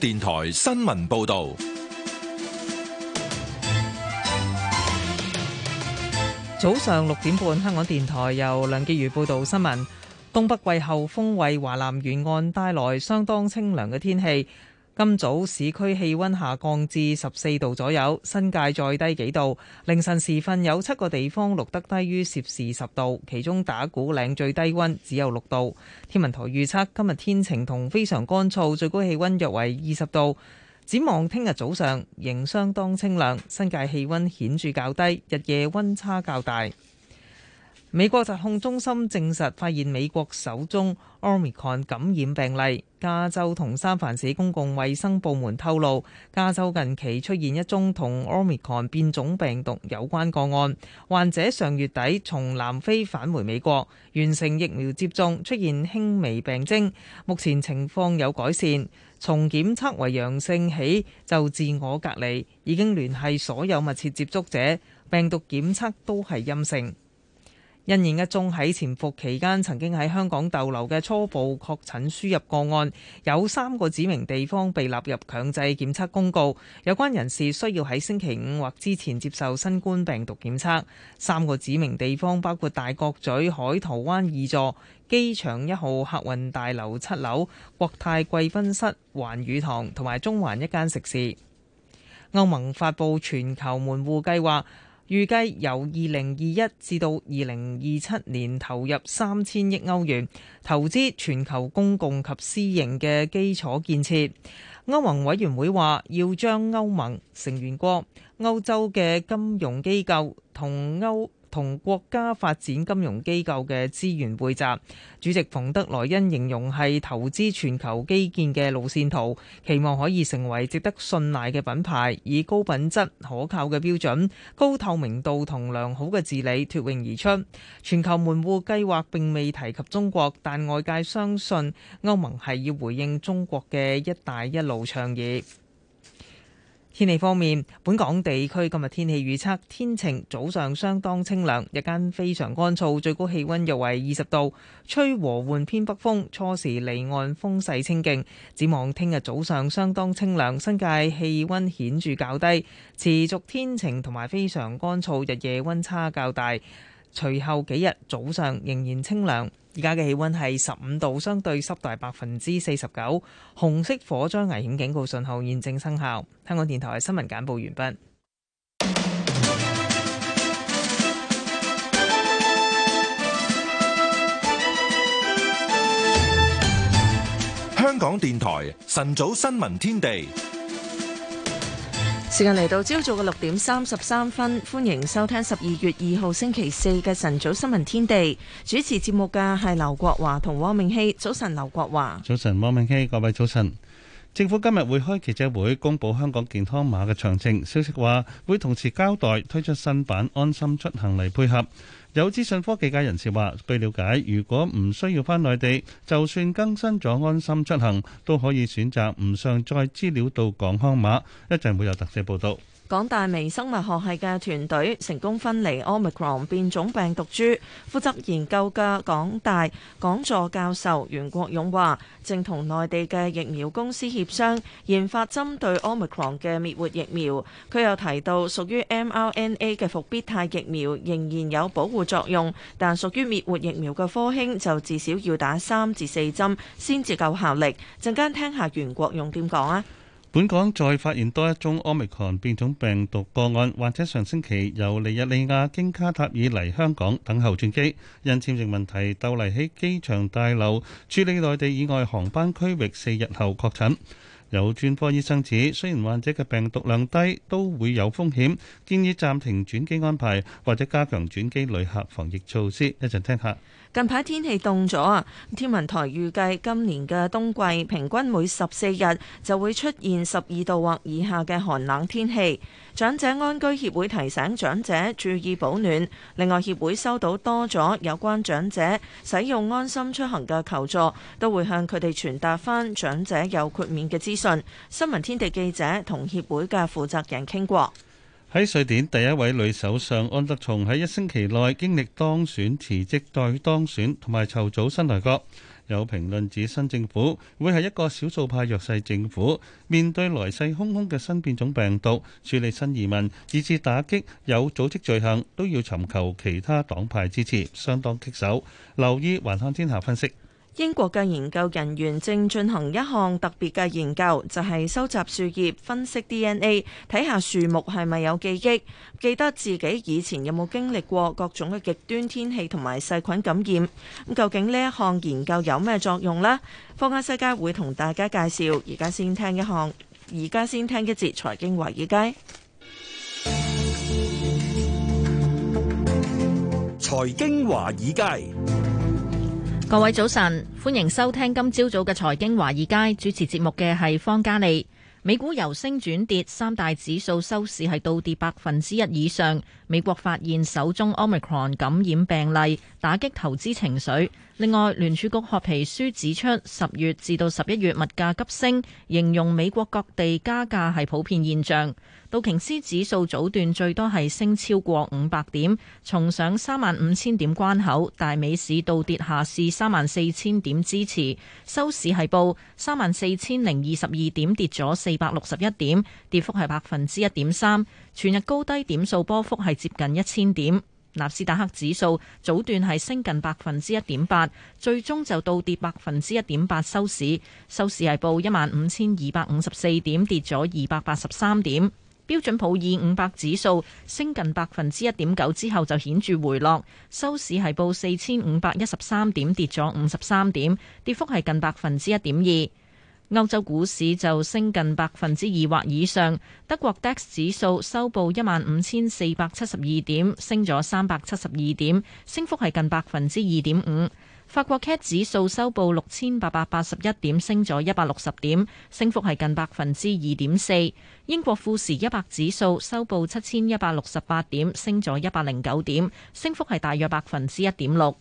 電台新聞報道，早上六點半，香港電台由梁潔如報道新聞。東北季候風為華南沿岸帶來相當清涼嘅天氣。今早市區氣温下降至十四度左右，新界再低幾度。凌晨時分有七個地方錄得低於攝氏十度，其中打鼓嶺最低温只有六度。天文台預測今日天晴同非常乾燥，最高氣温約為二十度。展望聽日早上，仍相當清涼，新界氣温顯著較低，日夜温差較大。美國疾控中心證實發現美國首宗 Omicron 感染病例。加州同三藩市公共衛生部門透露，加州近期出現一宗同 Omicron 變種病毒有關個案。患者上月底從南非返回美國，完成疫苗接種，出現輕微病徵，目前情況有改善。從檢測為陽性起就自我隔離，已經聯繫所有密切接觸者，病毒檢測都係陰性。因應一宗喺潛伏期間曾經喺香港逗留嘅初步確診輸入個案，有三個指明地方被納入強制檢測公告，有關人士需要喺星期五或之前接受新冠病毒檢測。三個指明地方包括大角咀海桃灣二座、機場一號客運大樓七樓、國泰貴賓室環宇堂同埋中環一間食肆。歐盟發布全球門戶計劃。預計由二零二一至到二零二七年投入三千億歐元投資全球公共及私營嘅基礎建設。歐盟委員會話要將歐盟成員國、歐洲嘅金融機構同歐同國家發展金融機構嘅資源匯集。主席馮德萊恩形容係投資全球基建嘅路線圖，期望可以成為值得信賴嘅品牌，以高品質、可靠嘅標準、高透明度同良好嘅治理脫穎而出。全球門戶計劃並未提及中國，但外界相信歐盟係要回應中國嘅「一帶一路」倡議。天氣方面，本港地區今日天，天氣預測天晴，早上相當清涼，日間非常乾燥，最高氣溫約為二十度，吹和緩偏北風，初時離岸風勢清勁。展望聽日早上相當清涼，新界氣溫顯著較低，持續天晴同埋非常乾燥，日夜溫差較大。隨後幾日早上仍然清涼，而家嘅氣溫係十五度，相對濕度百分之四十九，紅色火災危險警告信號現正生效。香港電台新聞簡報完畢。香港電台晨早新聞天地。時間嚟到朝早嘅六點三十三分，歡迎收聽十二月二號星期四嘅晨早新聞天地。主持節目嘅係劉國華同汪明熙。早晨，劉國華。早晨，汪明熙。各位早晨。政府今日會開記者會，公布香港健康碼嘅詳情，消息話會同時交代推出新版安心出行嚟配合。有資訊科技界人士話：據了解，如果唔需要返內地，就算更新咗安心出行，都可以選擇唔上載資料到港康碼。一陣會有特寫報導。港大微生物學系嘅團隊成功分離 Omicron 變種病毒株。負責研究嘅港大講座教授袁國勇話，正同內地嘅疫苗公司協商，研發針對 Omicron 嘅滅活疫苗。佢又提到，屬於 mRNA 嘅復必泰疫苗仍然有保護作用，但屬於滅活疫苗嘅科興就至少要打三至四針先至夠效力。陣間聽下袁國勇點講啊！本港再發現多一宗奧密克戎變種病毒個案，患者上星期由尼日利亞經卡塔爾嚟香港等候轉機，因簽證問題逗留喺機場大樓處理，內地以外航班區域四日後確診。有專科醫生指，雖然患者嘅病毒量低，都會有風險，建議暫停轉機安排或者加強轉機旅客防疫措施。一陣聽下。近排天氣凍咗啊！天文台預計今年嘅冬季平均每十四日就會出現十二度或以下嘅寒冷天氣。長者安居協會提醒長者注意保暖。另外，協會收到多咗有關長者使用安心出行嘅求助，都會向佢哋傳達返長者有豁免嘅資訊。新聞天地記者同協會嘅負責人傾過。喺瑞典第一位女首相安德松喺一星期內經歷當選、辭職、再當選同埋籌組新內閣，有評論指新政府會係一個少數派弱勢政府，面對來勢洶洶嘅新變種病毒、處理新移民、以至打擊有組織罪行，都要尋求其他黨派支持，相當棘手。留意《環看天下》分析。英國嘅研究人員正進行一項特別嘅研究，就係、是、收集樹葉、分析 DNA，睇下樹木係咪有記憶，記得自己以前有冇經歷過各種嘅極端天氣同埋細菌感染。究竟呢一項研究有咩作用呢？《科家世界》會同大家介紹。而家先聽一項，而家先聽一節《財經華爾街》。財經華爾街。各位早晨，歡迎收聽今朝早嘅財經華爾街主持節目嘅係方嘉莉。美股由升轉跌，三大指數收市係倒跌百分之一以上。美國發現首宗 Omicron 感染病例，打擊投資情緒。另外，聯儲局學皮書指出，十月至到十一月物價急升，形容美國各地加價係普遍現象。道瓊斯指數早段最多係升超過五百點，重上三萬五千點關口。大美市倒跌下市三萬四千點支持，收市係報三萬四千零二十二點，跌咗四百六十一點，跌幅係百分之一點三。全日高低點數波幅係接近一千點。納斯達克指數早段係升近百分之一點八，最終就倒跌百分之一點八收市，收市係報一萬五千二百五十四點，跌咗二百八十三點。標準普爾五百指數升近百分之一點九之後就顯著回落，收市係報四千五百一十三點，跌咗五十三點，跌幅係近百分之一點二。歐洲股市就升近百分之二或以上，德國 DAX 指數收報一萬五千四百七十二點，升咗三百七十二點，升幅係近百分之二點五。法國 CAC 指數收報六千八百八十一點，升咗一百六十點，升幅係近百分之二點四。英國富時一百指數收報七千一百六十八點，升咗一百零九點，升幅係大約百分之一點六。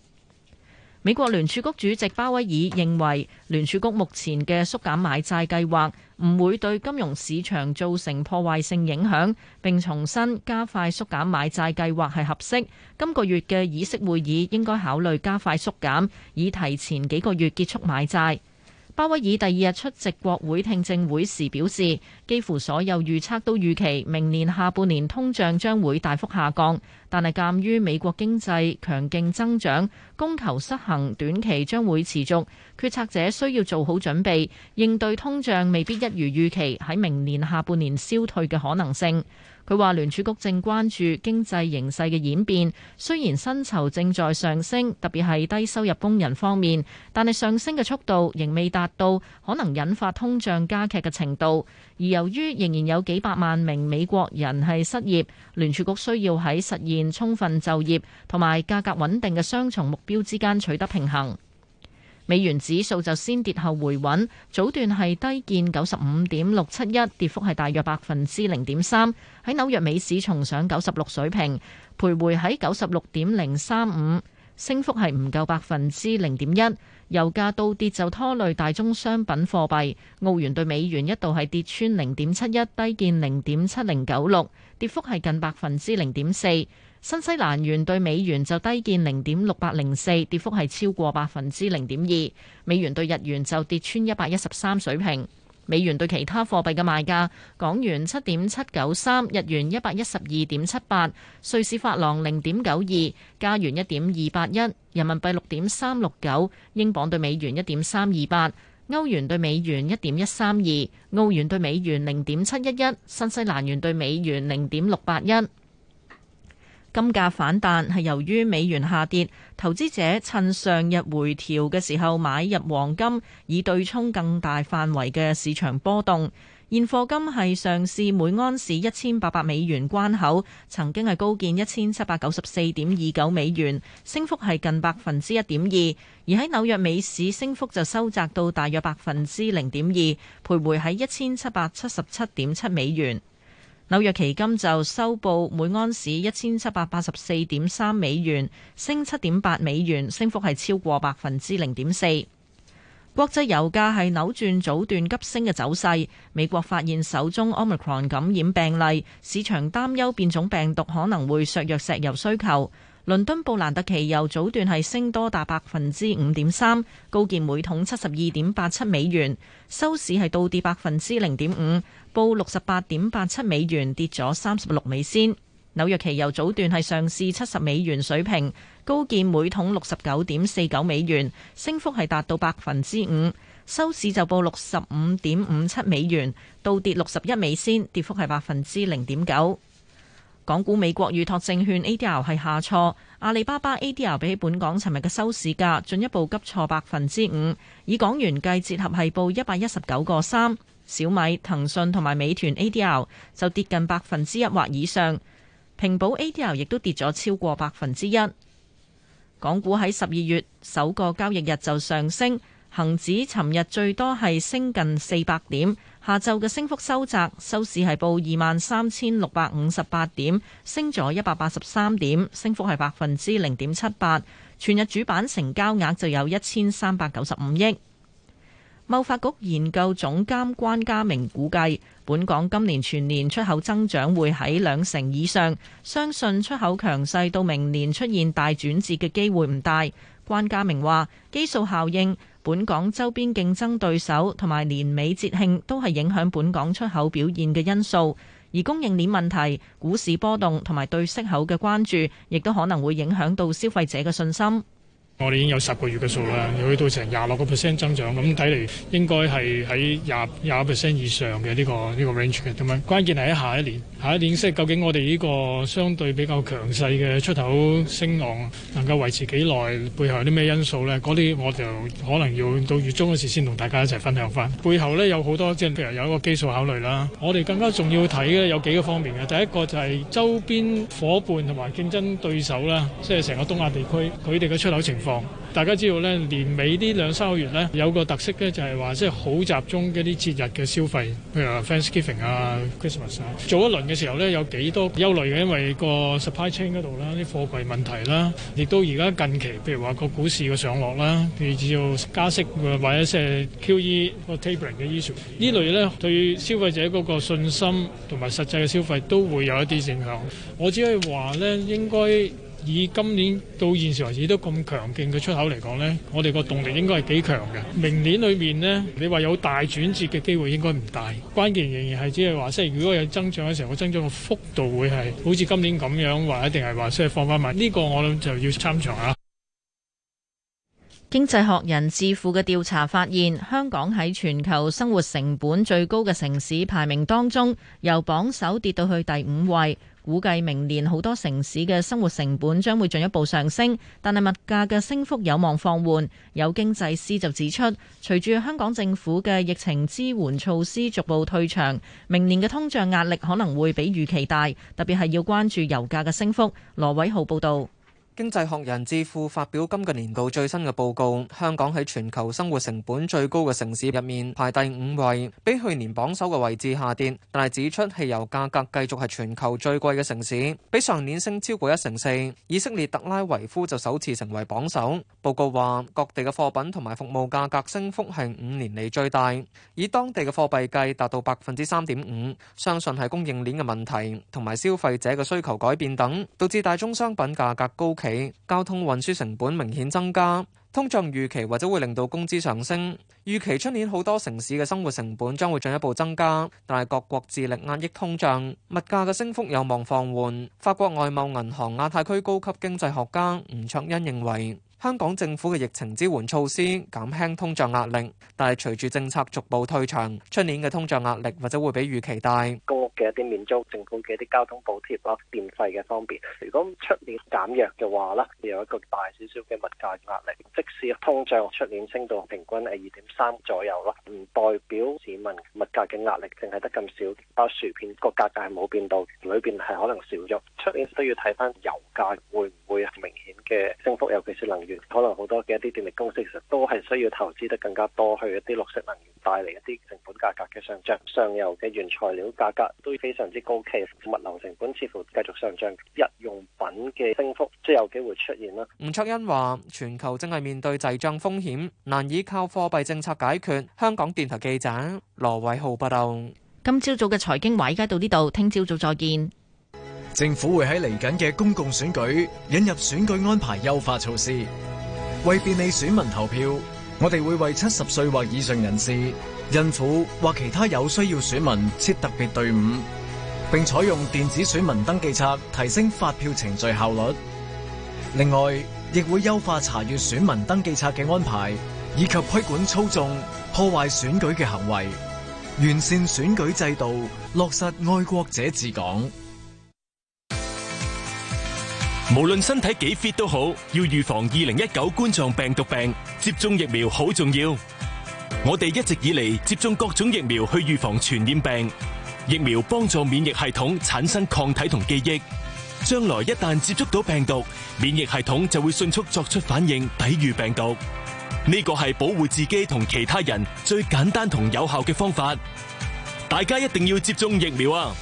美國聯儲局主席鮑威爾認為，聯儲局目前嘅縮減買債計劃唔會對金融市場造成破壞性影響，並重申加快縮減買債計劃係合適。今個月嘅議息會議應該考慮加快縮減，以提前幾個月結束買債。鮑威爾第二日出席國會聽證會時表示，幾乎所有預測都預期明年下半年通脹將會大幅下降，但係鑑於美國經濟強勁增長、供求失衡，短期將會持續，決策者需要做好準備，應對通脹未必一如預期喺明年下半年消退嘅可能性。佢話聯儲局正關注經濟形勢嘅演變，雖然薪酬正在上升，特別係低收入工人方面，但係上升嘅速度仍未達到可能引發通脹加劇嘅程度。而由於仍然有幾百萬名美國人係失業，聯儲局需要喺實現充分就業同埋價格穩定嘅雙重目標之間取得平衡。美元指數就先跌後回穩，早段係低見九十五點六七一，跌幅係大約百分之零點三。喺紐約美市重上九十六水平，徘徊喺九十六點零三五，升幅係唔夠百分之零點一。油價倒跌就拖累大宗商品貨幣，澳元對美元一度係跌穿零點七一，低見零點七零九六，跌幅係近百分之零點四。新西蘭元對美元就低見零點六八零四，跌幅係超過百分之零點二。美元對日元就跌穿一百一十三水平。美元對其他貨幣嘅賣價，港元七點七九三，日元一百一十二點七八，瑞士法郎零點九二，加元一點二八一，人民幣六點三六九，英鎊對美元一點三二八，歐元對美元一點一三二，澳元對美元零點七一一，新西蘭元對美元零點六八一。金價反彈係由於美元下跌，投資者趁上日回調嘅時候買入黃金，以對沖更大範圍嘅市場波動。現貨金係上試每安士一千八百美元關口，曾經係高見一千七百九十四點二九美元，升幅係近百分之一點二。而喺紐約美市升幅就收窄到大約百分之零點二，徘徊喺一千七百七十七點七美元。紐約期金就收報每安士一千七百八十四點三美元，升七點八美元，升幅係超過百分之零點四。國際油價係扭轉早段急升嘅走勢。美國發現手中 Omicron 感染病例，市場擔憂變種病毒可能會削弱石油需求。倫敦布蘭特期油早段係升多達百分之五點三，高見每桶七十二點八七美元，收市係倒跌百分之零點五。報六十八點八七美元，跌咗三十六美仙。紐約期油早段係上市七十美元水平，高見每桶六十九點四九美元，升幅係達到百分之五。收市就報六十五點五七美元，倒跌六十一美仙，跌幅係百分之零點九。港股美國預託證券 A D R 係下挫，阿里巴巴 A D R 比起本港尋日嘅收市價進一步急挫百分之五，以港元計，折合係報一百一十九個三。小米、騰訊同埋美團 ADR 就跌近百分之一或以上，平保 ADR 亦都跌咗超過百分之一。港股喺十二月首個交易日就上升，恒指尋日最多係升近四百點，下晝嘅升幅收窄，收市係報二萬三千六百五十八點，升咗一百八十三點，升幅係百分之零點七八。全日主板成交額就有一千三百九十五億。貿發局研究總監關家明估計，本港今年全年出口增長會喺兩成以上，相信出口強勢到明年出現大轉折嘅機會唔大。關家明話，基數效應、本港周邊競爭對手同埋年尾節慶都係影響本港出口表現嘅因素，而供應鏈問題、股市波動同埋對息口嘅關注，亦都可能會影響到消費者嘅信心。我哋已經有十個月嘅數啦，要去到成廿六個 percent 增長，咁睇嚟應該係喺廿廿 percent 以上嘅呢個呢個 range 嘅。咁樣，關鍵係喺下一年，下一年即係究竟我哋呢個相對比較強勢嘅出口升浪能夠維持幾耐？背後有啲咩因素呢？嗰啲我就可能要到月中嗰時先同大家一齊分享翻。背後呢有好多即係譬如有一個基數考慮啦，我哋更加重要睇嘅有幾個方面嘅。第一個就係周邊伙伴同埋競爭對手啦，即係成個東亞地區，佢哋嘅出口情。大家知道咧，年尾呢兩三個月咧有個特色咧，就係話即係好集中嗰啲節日嘅消費，譬如話 Thanksgiving 啊、Christmas 啊。做一輪嘅時候咧，有幾多憂慮嘅，因為個 supply chain 嗰度啦、啲貨櫃問題啦、啊，亦都而家近期譬如話個股市嘅上落啦，譬如只要加息或者即係 QE 個 tapering 嘅 issue，呢類咧對消費者嗰個信心同埋實際嘅消費都會有一啲影響。我只可以話咧，應該，以今年到現時為止都咁強勁嘅出口嚟講呢，我哋個動力應該係幾強嘅。明年裏面呢，你話有大轉折嘅機會應該唔大。關鍵仍然係只係話，即係如果有增長嘅時候，個增長嘅幅度會係好似今年咁樣，或一定係話即係放翻埋。呢個我諗就要參詳下。經濟學人智庫嘅調查發現，香港喺全球生活成本最高嘅城市排名當中，由榜首跌到去第五位。估計明年好多城市嘅生活成本將會進一步上升，但係物價嘅升幅有望放緩。有經濟師就指出，隨住香港政府嘅疫情支援措施逐步退場，明年嘅通脹壓力可能會比預期大，特別係要關注油價嘅升幅。羅偉浩報道。經濟學人智庫發表今個年，年度最新嘅報告，香港喺全球生活成本最高嘅城市入面排第五位，比去年榜首嘅位置下跌。但係指出汽油價格繼續係全球最貴嘅城市，比上年升超過一成四。以色列特拉維夫就首次成為榜首。報告話各地嘅貨品同埋服務價格升幅係五年嚟最大，以當地嘅貨幣計達到百分之三點五。相信係供應鏈嘅問題同埋消費者嘅需求改變等，導致大宗商品價格高。起交通運輸成本明顯增加，通脹預期或者會令到工資上升。預期出年好多城市嘅生活成本將會進一步增加，但係各國致力壓抑通脹，物價嘅升幅有望放緩。法國外貿銀行亞太區高級經濟學家吳卓恩認為。香港政府嘅疫情支援措施減輕通脹壓力，但係隨住政策逐步退場，出年嘅通脹壓力或者會比預期大。公屋嘅一啲免租、政府嘅一啲交通補貼啦、電費嘅方面，如果出年減弱嘅話啦，有一個大少少嘅物價壓力。即使通脹出年升到平均係二點三左右啦，唔代表市民物價嘅壓力淨係得咁少。包薯片個價格係冇變到，裏邊係可能少咗。出年都要睇翻油價會。會有明顯嘅升幅，尤其是能源，可能好多嘅一啲電力公司其實都係需要投資得更加多，去一啲綠色能源帶嚟一啲成本價格嘅上漲。上游嘅原材料價格都非常之高企，物流成本似乎繼續上漲。日用品嘅升幅即有機會出現啦。吳卓恩話：全球正係面對滯脹風險，難以靠貨幣政策解決。香港電台記者羅偉浩報道。今朝早嘅財經話依家到呢度，聽朝早再見。政府會喺嚟緊嘅公共選舉引入選舉安排優化措施，為便利選民投票，我哋會為七十歲或以上人士、孕婦或其他有需要選民設特別隊伍，並採用電子選民登記冊，提升發票程序效率。另外，亦會優化查閱選民登記冊嘅安排，以及規管操縱，破壞選舉嘅行為，完善選舉制度，落實愛國者治港。無論身體幾 fit 都好，要預防二零一九冠狀病毒病，接種疫苗好重要。我哋一直以嚟，接種各種疫苗去預防傳染病，疫苗幫助免疫系統產生抗體同記憶。將來一旦接觸到病毒，免疫系統就會迅速作出反應，抵禦病毒。呢個係保護自己同其他人最簡單同有效嘅方法。大家一定要接種疫苗啊！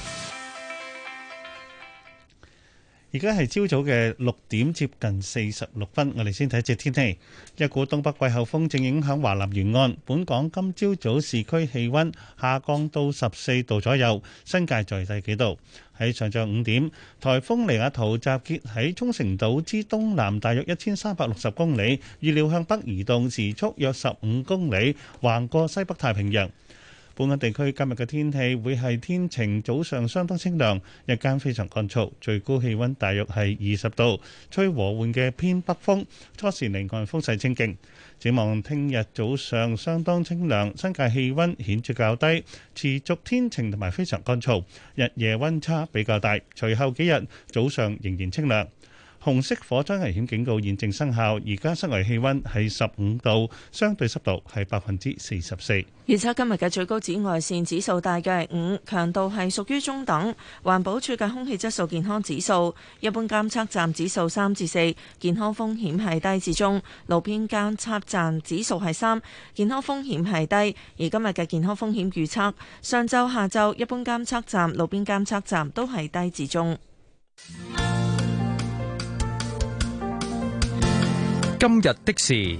而家係朝早嘅六點接近四十六分，我哋先睇一節天氣。一股東北季候風正影響華南沿岸，本港今朝早市區氣溫下降到十四度左右，新界再低幾度，喺上晝五點。台風尼亞圖集結喺沖繩島之東南，大約一千三百六十公里，預料向北移動，時速約十五公里，橫過西北太平洋。本港地區今日嘅天氣會係天晴，早上相當清涼，日間非常乾燥，最高氣温大約係二十度，吹和緩嘅偏北風，初時離岸風勢清勁。展望聽日早上相當清涼，新界氣温顯著較低，持續天晴同埋非常乾燥，日夜温差比較大。隨後幾日早上仍然清涼。紅色火災危險警告現正生效，而家室外氣溫係十五度，相對濕度係百分之四十四。預測今日嘅最高紫外線指數大概係五，強度係屬於中等。環保署嘅空氣質素健康指數，一般監測站指數三至四，健康風險係低至中；路邊監測站指數係三，健康風險係低。而今日嘅健康風險預測，上晝、下晝一般監測站、路邊監測站都係低至中。今日的事，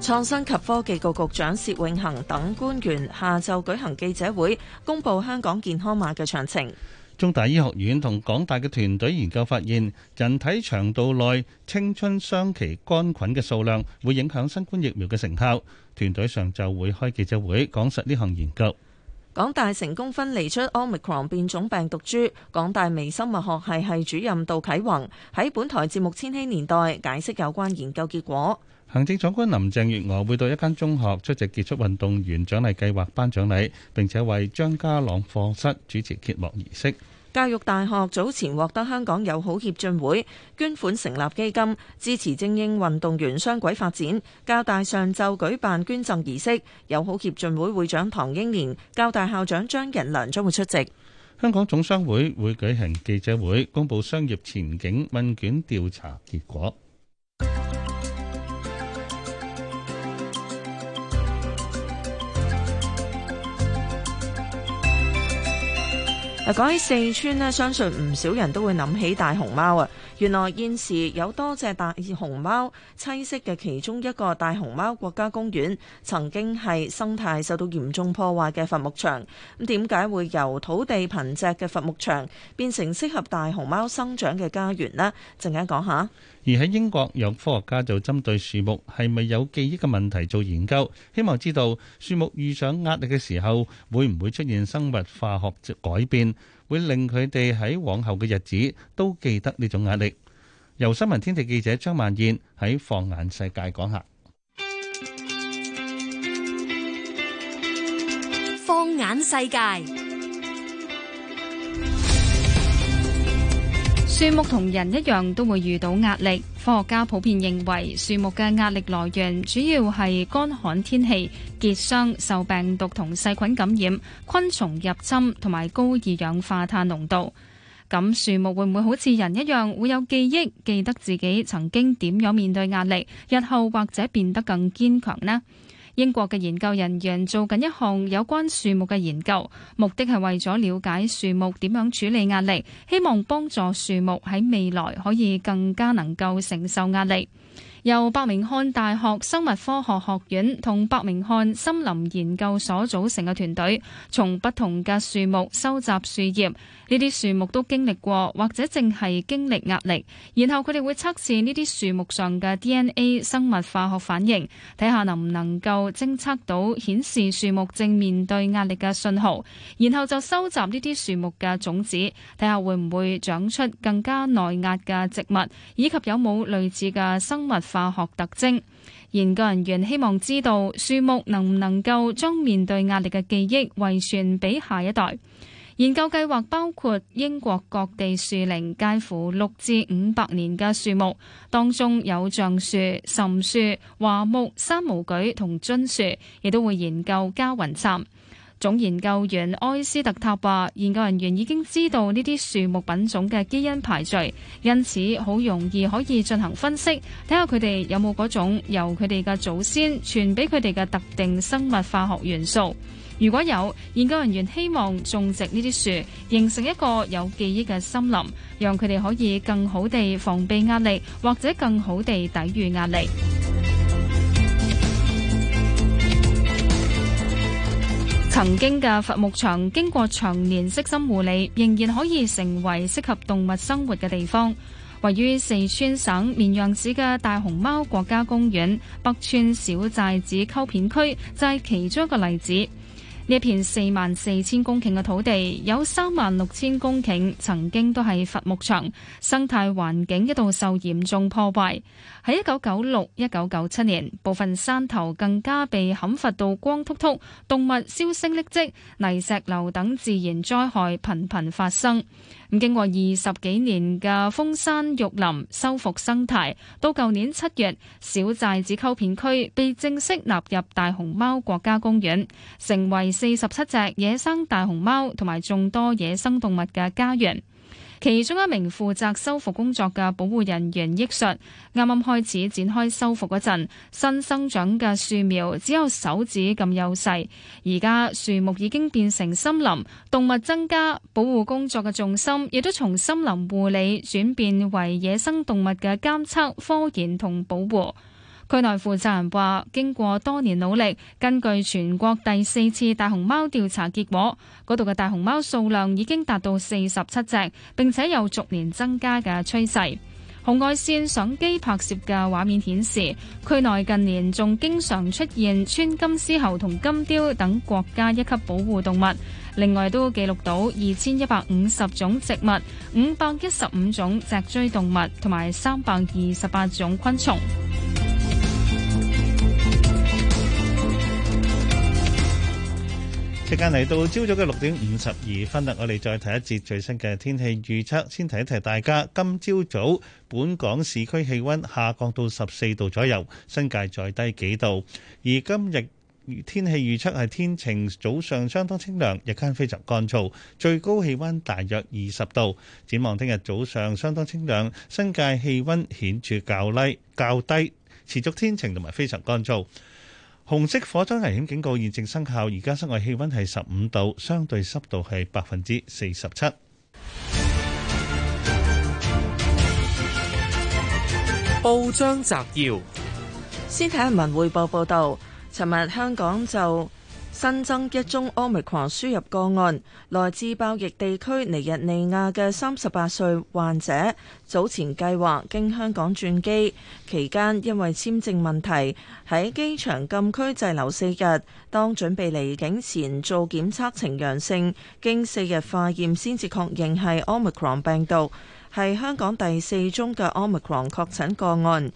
創新及科技局局長薛永恒等官員下晝舉行記者會，公布香港健康碼嘅詳情。中大醫學院同港大嘅團隊研究發現，人體腸道內青春雙歧桿菌嘅數量會影響新冠疫苗嘅成效。團隊上晝會開記者會，講述呢項研究。港大成功分離出 Omicron 變種病毒株，港大微生物學系系主任杜啟宏喺本台節目《千禧年代》解釋有關研究結果。行政長官林鄭月娥會到一間中學出席傑出運動員獎勵計劃頒獎禮，並且為張家朗課室主持揭幕儀式。教育大學早前獲得香港友好協進會捐款成立基金，支持精英運動員雙軌發展。教大上晝舉辦捐贈儀式，友好協進會會長唐英年、教大校長張仁良將會出席。香港總商會會舉行記者會，公布商業前景問卷調查結果。講起四川咧，相信唔少人都會諗起大熊貓啊！原來現時有多隻大熊貓棲息嘅其中一個大熊貓國家公園，曾經係生態受到嚴重破壞嘅伐木場。咁點解會由土地貧瘠嘅伐木場變成適合大熊貓生長嘅家園呢？陣間講下說說。而喺英國，有科學家就針對樹木係咪有記憶嘅問題做研究，希望知道樹木遇上壓力嘅時候，會唔會出現生物化學改變，會令佢哋喺往後嘅日子都記得呢種壓力。由新聞天地記者張萬燕喺《放眼世界》講下。放眼世界。樹木同人一樣都會遇到壓力，科學家普遍認為樹木嘅壓力來源主要係乾旱天氣、結霜、受病毒同細菌感染、昆蟲入侵同埋高二氧化碳濃度。咁樹木會唔會好似人一樣會有記憶，記得自己曾經點樣面對壓力，日後或者變得更堅強呢？英國嘅研究人員做緊一項有關樹木嘅研究，目的係為咗了解樹木點樣處理壓力，希望幫助樹木喺未來可以更加能夠承受壓力。由伯明翰大學生物科學學院同伯明翰森林研究所組成嘅團隊，從不同嘅樹木收集樹葉。呢啲樹木都經歷過，或者淨係經歷壓力，然後佢哋會測試呢啲樹木上嘅 DNA 生物化學反應，睇下能唔能夠偵測到顯示樹木正面對壓力嘅信號，然後就收集呢啲樹木嘅種子，睇下會唔會長出更加耐壓嘅植物，以及有冇類似嘅生物化學特徵。研究人員希望知道樹木能唔能夠將面對壓力嘅記憶遺傳俾下一代。研究計劃包括英國各地樹齡介乎六至五百年嘅樹木，當中有橡樹、岑樹、樺木、山毛櫸同樽樹，亦都會研究加雲杉。總研究員埃斯特塔話：研究人員已經知道呢啲樹木品種嘅基因排序，因此好容易可以進行分析，睇下佢哋有冇嗰種由佢哋嘅祖先傳俾佢哋嘅特定生物化學元素。如果有研究人員希望種植呢啲樹，形成一個有記憶嘅森林，讓佢哋可以更好地防備壓力，或者更好地抵禦壓力。曾經嘅伐木場經過長年悉心護理，仍然可以成為適合動物生活嘅地方。位於四川省綿陽市嘅大熊貓國家公園北川小寨子溝片區就係、是、其中一個例子。呢一片四萬四千公頃嘅土地，有三萬六千公頃曾經都係伐木場，生態環境一度受嚴重破壞。喺一九九六、一九九七年，部分山頭更加被砍伐到光禿禿，動物消聲匿跡，泥石流等自然災害頻頻發生。咁經過二十幾年嘅封山育林、修復生態，到舊年七月，小寨子溝片區被正式納入大熊貓國家公園，成為四十七隻野生大熊貓同埋眾多野生動物嘅家園。其中一名負責修復工作嘅保護人員憶述：啱啱開始展開修復嗰陣，新生長嘅樹苗只有手指咁幼細，而家樹木已經變成森林，動物增加，保護工作嘅重心亦都從森林護理轉變為野生動物嘅監測、科研同保護。區內負責人話，經過多年努力，根據全國第四次大熊貓調查結果，嗰度嘅大熊貓數量已經達到四十七隻，並且有逐年增加嘅趨勢。紅外線相機拍攝嘅畫面顯示，區內近年仲經常出現川金絲猴同金雕等國家一級保護動物。另外，都記錄到二千一百五十種植物、五百一十五種脊椎動物同埋三百二十八種昆蟲。時間嚟到朝早嘅六點五十二分啦，我哋再睇一節最新嘅天氣預測。先提一提大家，今朝早本港市區氣温下降到十四度左右，新界再低幾度。而今日天氣預測係天晴，早上相當清涼，日間非常乾燥，最高氣温大約二十度。展望聽日早上相當清涼，新界氣温顯著較低較低，持續天晴同埋非常乾燥。紅色火災危險警告現正生效，而家室外氣温係十五度，相對濕度係百分之四十七。報章摘要：先睇下文匯報報道，尋日香港就。新增一宗 omicron 輸入個案，來自爆疫地區尼日利亞嘅三十八歲患者，早前計劃經香港轉機，期間因為簽證問題喺機場禁區滯留四日。當準備離境前做檢測呈陽性，經四日化驗先至確認係 omicron 病毒，係香港第四宗嘅 omicron 確診個案。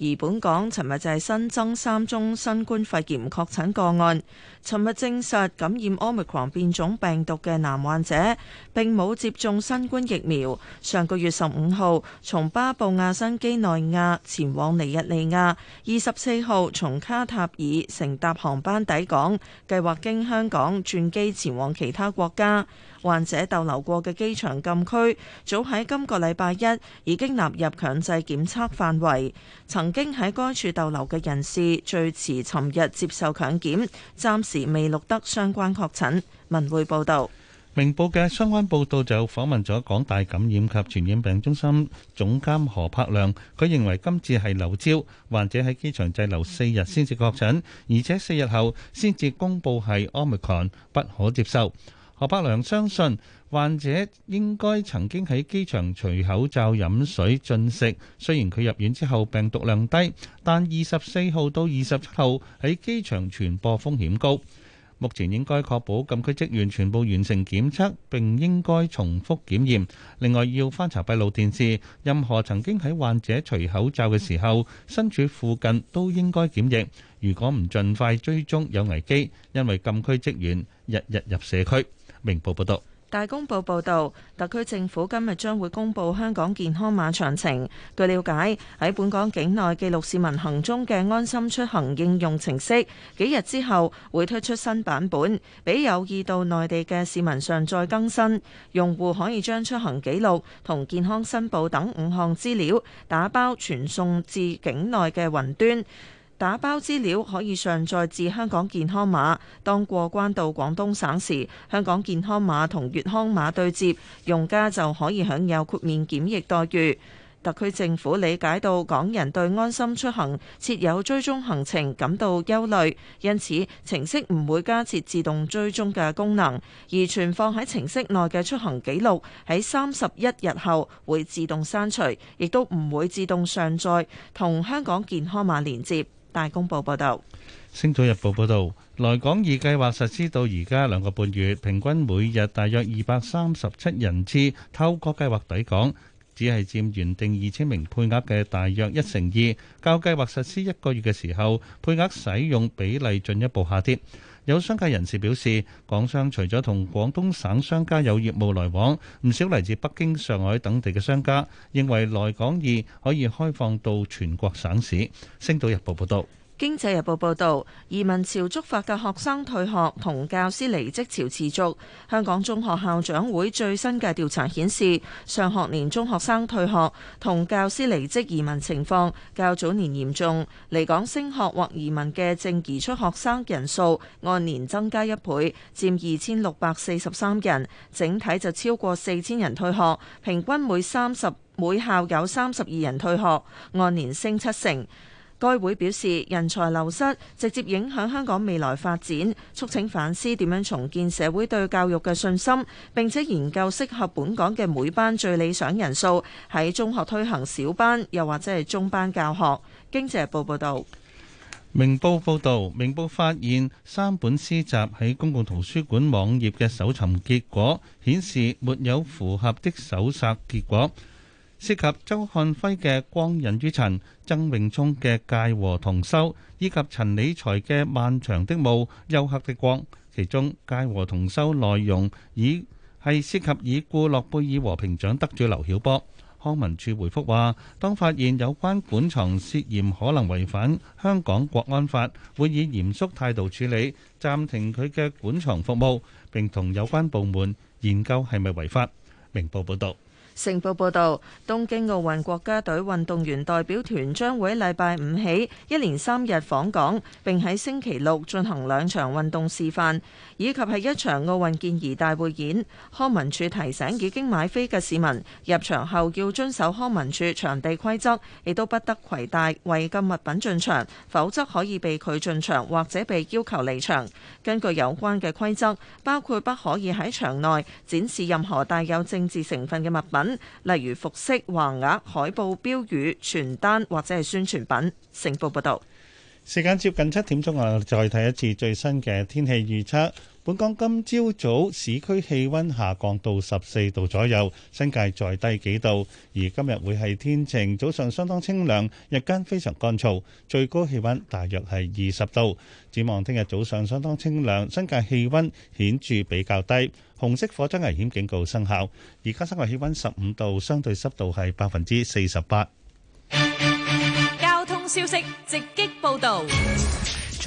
而本港尋日就係新增三宗新冠肺炎確診個案。尋日證實感染 Omicron 變種病毒嘅男患者並冇接種新冠疫苗。上個月十五號從巴布亞新畿內亞前往尼日利亞，二十四號從卡塔爾乘搭航班抵港，計劃經香港轉機前往其他國家。患者逗留過嘅機場禁區早喺今個禮拜一已經納入強制檢測範圍，曾經喺該處逗留嘅人士最遲尋日接受強檢，暫時，未錄得相關確診。文匯報道，明報嘅相關報道就訪問咗港大感染及傳染病中心總監何柏良，佢認為今次係漏招，患者喺機場滯留四日先至確診，而且四日後先至公布係 Omicron，不可接受。何柏良相信患者應該曾經喺機場除口罩、飲水、進食。雖然佢入院之後病毒量低，但二十四號到二十七號喺機場傳播風險高。目前應該確保禁區職員全部完成檢測，並應該重複檢驗，另外要翻查閉路電視，任何曾經喺患者除口罩嘅時候身處附近都應該檢疫。如果唔盡快追蹤有危機，因為禁區職員日日入社區。明報報導，大公報報導，特區政府今日將會公布香港健康碼詳情。據了解，喺本港境內記錄市民行蹤嘅安心出行應用程式，幾日之後會推出新版本，俾有意到內地嘅市民上載更新。用戶可以將出行記錄同健康申報等五項資料打包傳送至境內嘅雲端。打包資料可以上載至香港健康碼，當過關到廣東省時，香港健康碼同粵康碼對接，用家就可以享有豁免檢疫待遇。特區政府理解到港人對安心出行設有追蹤行程感到憂慮，因此程式唔會加設自動追蹤嘅功能，而存放喺程式內嘅出行記錄喺三十一日後會自動刪除，亦都唔會自動上載同香港健康碼連接。大公報報道，《星島日報》報道，來港易計劃實施到而家兩個半月，平均每日大約二百三十七人次透過計劃抵港，只係佔原定二千名配額嘅大約一成二。較計劃實施一個月嘅時候，配額使用比例進一步下跌。有商界人士表示，港商除咗同廣東省商家有業務來往，唔少嚟自北京、上海等地嘅商家認為來港易可以開放到全國省市。星島日報報道。經濟日報報導，移民潮觸發嘅學生退學同教師離職潮持續。香港中學校長會最新嘅調查顯示，上學年中學生退學同教師離職移民情況較早年嚴重。離港升學或移民嘅正移出學生人數按年增加一倍，佔二千六百四十三人，整體就超過四千人退學，平均每三十每校有三十二人退學，按年升七成。該會表示，人才流失直接影響香港未來發展，促請反思點樣重建社會對教育嘅信心，並且研究適合本港嘅每班最理想人數喺中學推行小班，又或者係中班教學。經濟日報報導，明報報道，明報發現三本詩集喺公共圖書館網頁嘅搜尋結果顯示沒有符合的搜尋結果。涉及周漢輝嘅《光隱於塵》，曾永聰嘅《戒和同修》，以及陳理財嘅《漫長的霧》，黝黑的光。其中《戒和同修》內容以係涉及已故諾貝爾和平獎得主劉曉波。康文署回覆話，當發現有關館藏，涉嫌可能違反香港國安法，會以嚴肅態度處理，暫停佢嘅館藏服務，並同有關部門研究係咪違法。明報報道。成報報道，東京奧運國家隊運動員代表團將會喺禮拜五起一連三日訪港，並喺星期六進行兩場運動示範，以及係一場奧運健兒大匯演。康文署提醒已經買飛嘅市民，入場後要遵守康文署場地規則，亦都不得攜帶違禁物品進場，否則可以被拒進場或者被要求離場。根據有關嘅規則，包括不可以喺場內展示任何帶有政治成分嘅物品。例如服飾、橫額、海報、標語、傳單或者係宣傳品。成報報道：「時間接近七點鐘啊，我再睇一次最新嘅天氣預測。本港今朝早市區氣温下降到十四度左右，新界再低幾度。而今日會係天晴，早上相當清涼，日間非常乾燥，最高氣温大約係二十度。展望聽日早上相當清涼，新界氣温顯著比較低。紅色火災危險警告生效。而家室外氣温十五度，相對濕度係百分之四十八。交通消息直擊報道。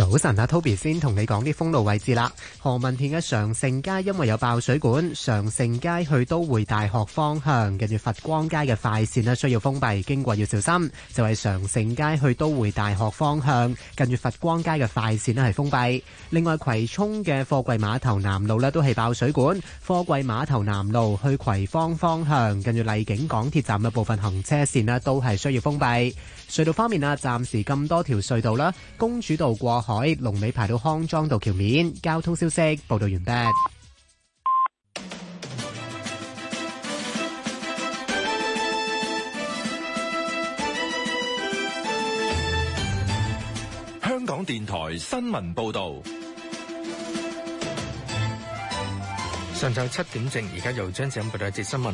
早晨，阿 Toby 先同你講啲封路位置啦。何文田嘅常盛街因為有爆水管，常盛街去都會大學方向，近住佛光街嘅快線呢需要封閉，經過要小心。就係、是、常盛街去都會大學方向，近住佛光街嘅快線呢係封閉。另外，葵涌嘅貨櫃碼頭南路呢都係爆水管，貨櫃碼頭南路去葵芳方，方向，近住荔景港鐵站嘅部分行車線呢都係需要封閉。隧道方面啊，暫時咁多條隧道啦，公主道過海，龍尾排到康莊道橋面。交通消息報道完畢。香港電台新聞報道。上晝七點正，而家又將準備下一節新聞。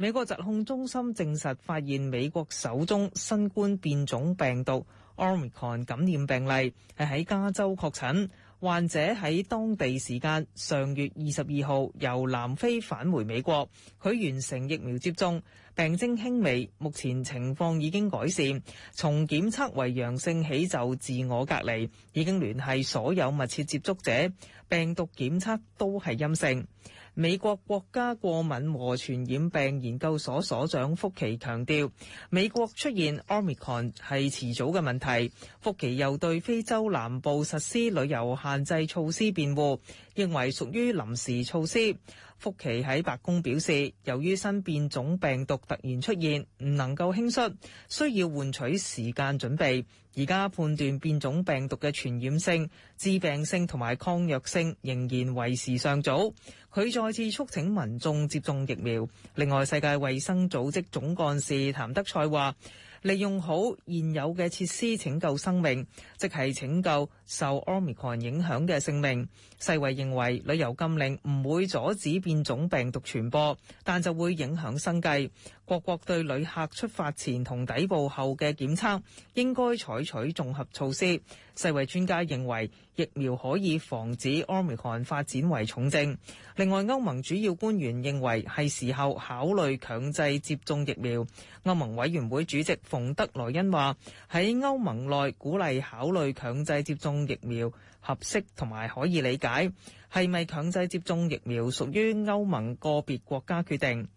美國疾控中心證實發現美國首宗新冠變種病毒 Omicron 感染病例，係喺加州確診。患者喺當地時間上月二十二號由南非返回美國，佢完成疫苗接種，病徵輕微，目前情況已經改善。從檢測為陽性起就自我隔離，已經聯繫所有密切接觸者，病毒檢測都係陰性。美國國家過敏和傳染病研究所所長福奇強調，美國出現 omicron 係遲早嘅問題。福奇又對非洲南部實施旅遊限制措施辯護，認為屬於臨時措施。福奇喺白宮表示，由於新變種病毒突然出現，唔能夠輕率，需要換取時間準備。而家判斷變種病毒嘅傳染性、致病性同埋抗藥性仍然為時尚早。佢再次促請民眾接種疫苗。另外，世界衛生組織總幹事譚德塞話，利用好現有嘅設施拯救生命，即係拯救受 Omicron 影響嘅性命。世衞認為旅遊禁令唔會阻止變種病毒傳播，但就會影響生計。各國國對旅客出發前同抵埗後嘅檢測應該採取綜合措施。世衛專家認為疫苗可以防止奧密克戎發展為重症。另外，歐盟主要官員認為係時候考慮強制接種疫苗。歐盟委員會主席馮德萊恩話：喺歐盟內鼓勵考慮強制接種疫苗，合適同埋可以理解。係咪強制接種疫苗屬於歐盟個別國家決定？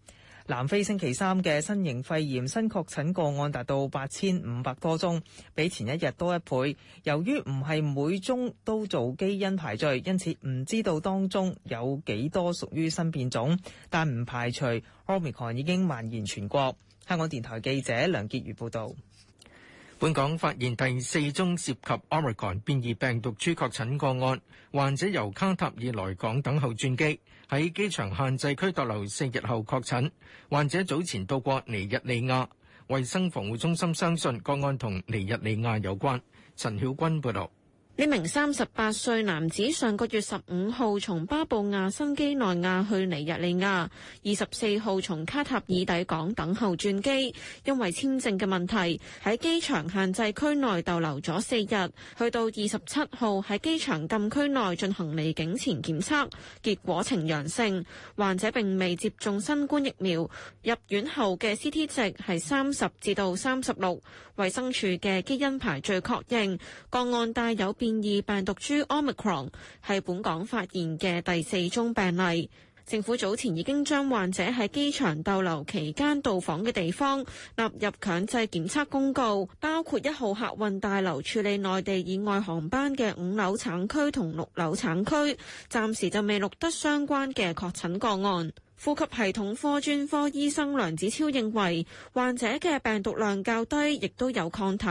南非星期三嘅新型肺炎新確診個案達到八千五百多宗，比前一日多一倍。由於唔係每宗都做基因排序，因此唔知道當中有幾多屬於新變種，但唔排除 Omicron 已經蔓延全國。香港電台記者梁潔如報道。本港發現第四宗涉及 Omicron 變異病毒株確診個案，患者由卡塔爾來港等候轉機。喺機場限制區逗留四日後確診，患者早前到過尼日利亞。衛生防護中心相信個案同尼日利亞有關。陳曉君報道。呢名三十八歲男子上個月十五號從巴布亞新畿內亞去尼日利亞，二十四號從卡塔爾抵港等候轉機，因為簽證嘅問題喺機場限制區內逗留咗四日，去到二十七號喺機場禁區內進行離境前檢測，結果呈陽性。患者並未接種新冠疫苗，入院後嘅 CT 值係三十至到三十六，衛生署嘅基因排序確認個案帶有變異病毒株 omicron 係本港發現嘅第四宗病例。政府早前已經將患者喺機場逗留期間到訪嘅地方納入強制檢測公告，包括一號客運大樓處理內地以外航班嘅五樓產區同六樓產區，暫時就未錄得相關嘅確診個案。呼吸系統科專科醫生梁子超認為患者嘅病毒量較低，亦都有抗體，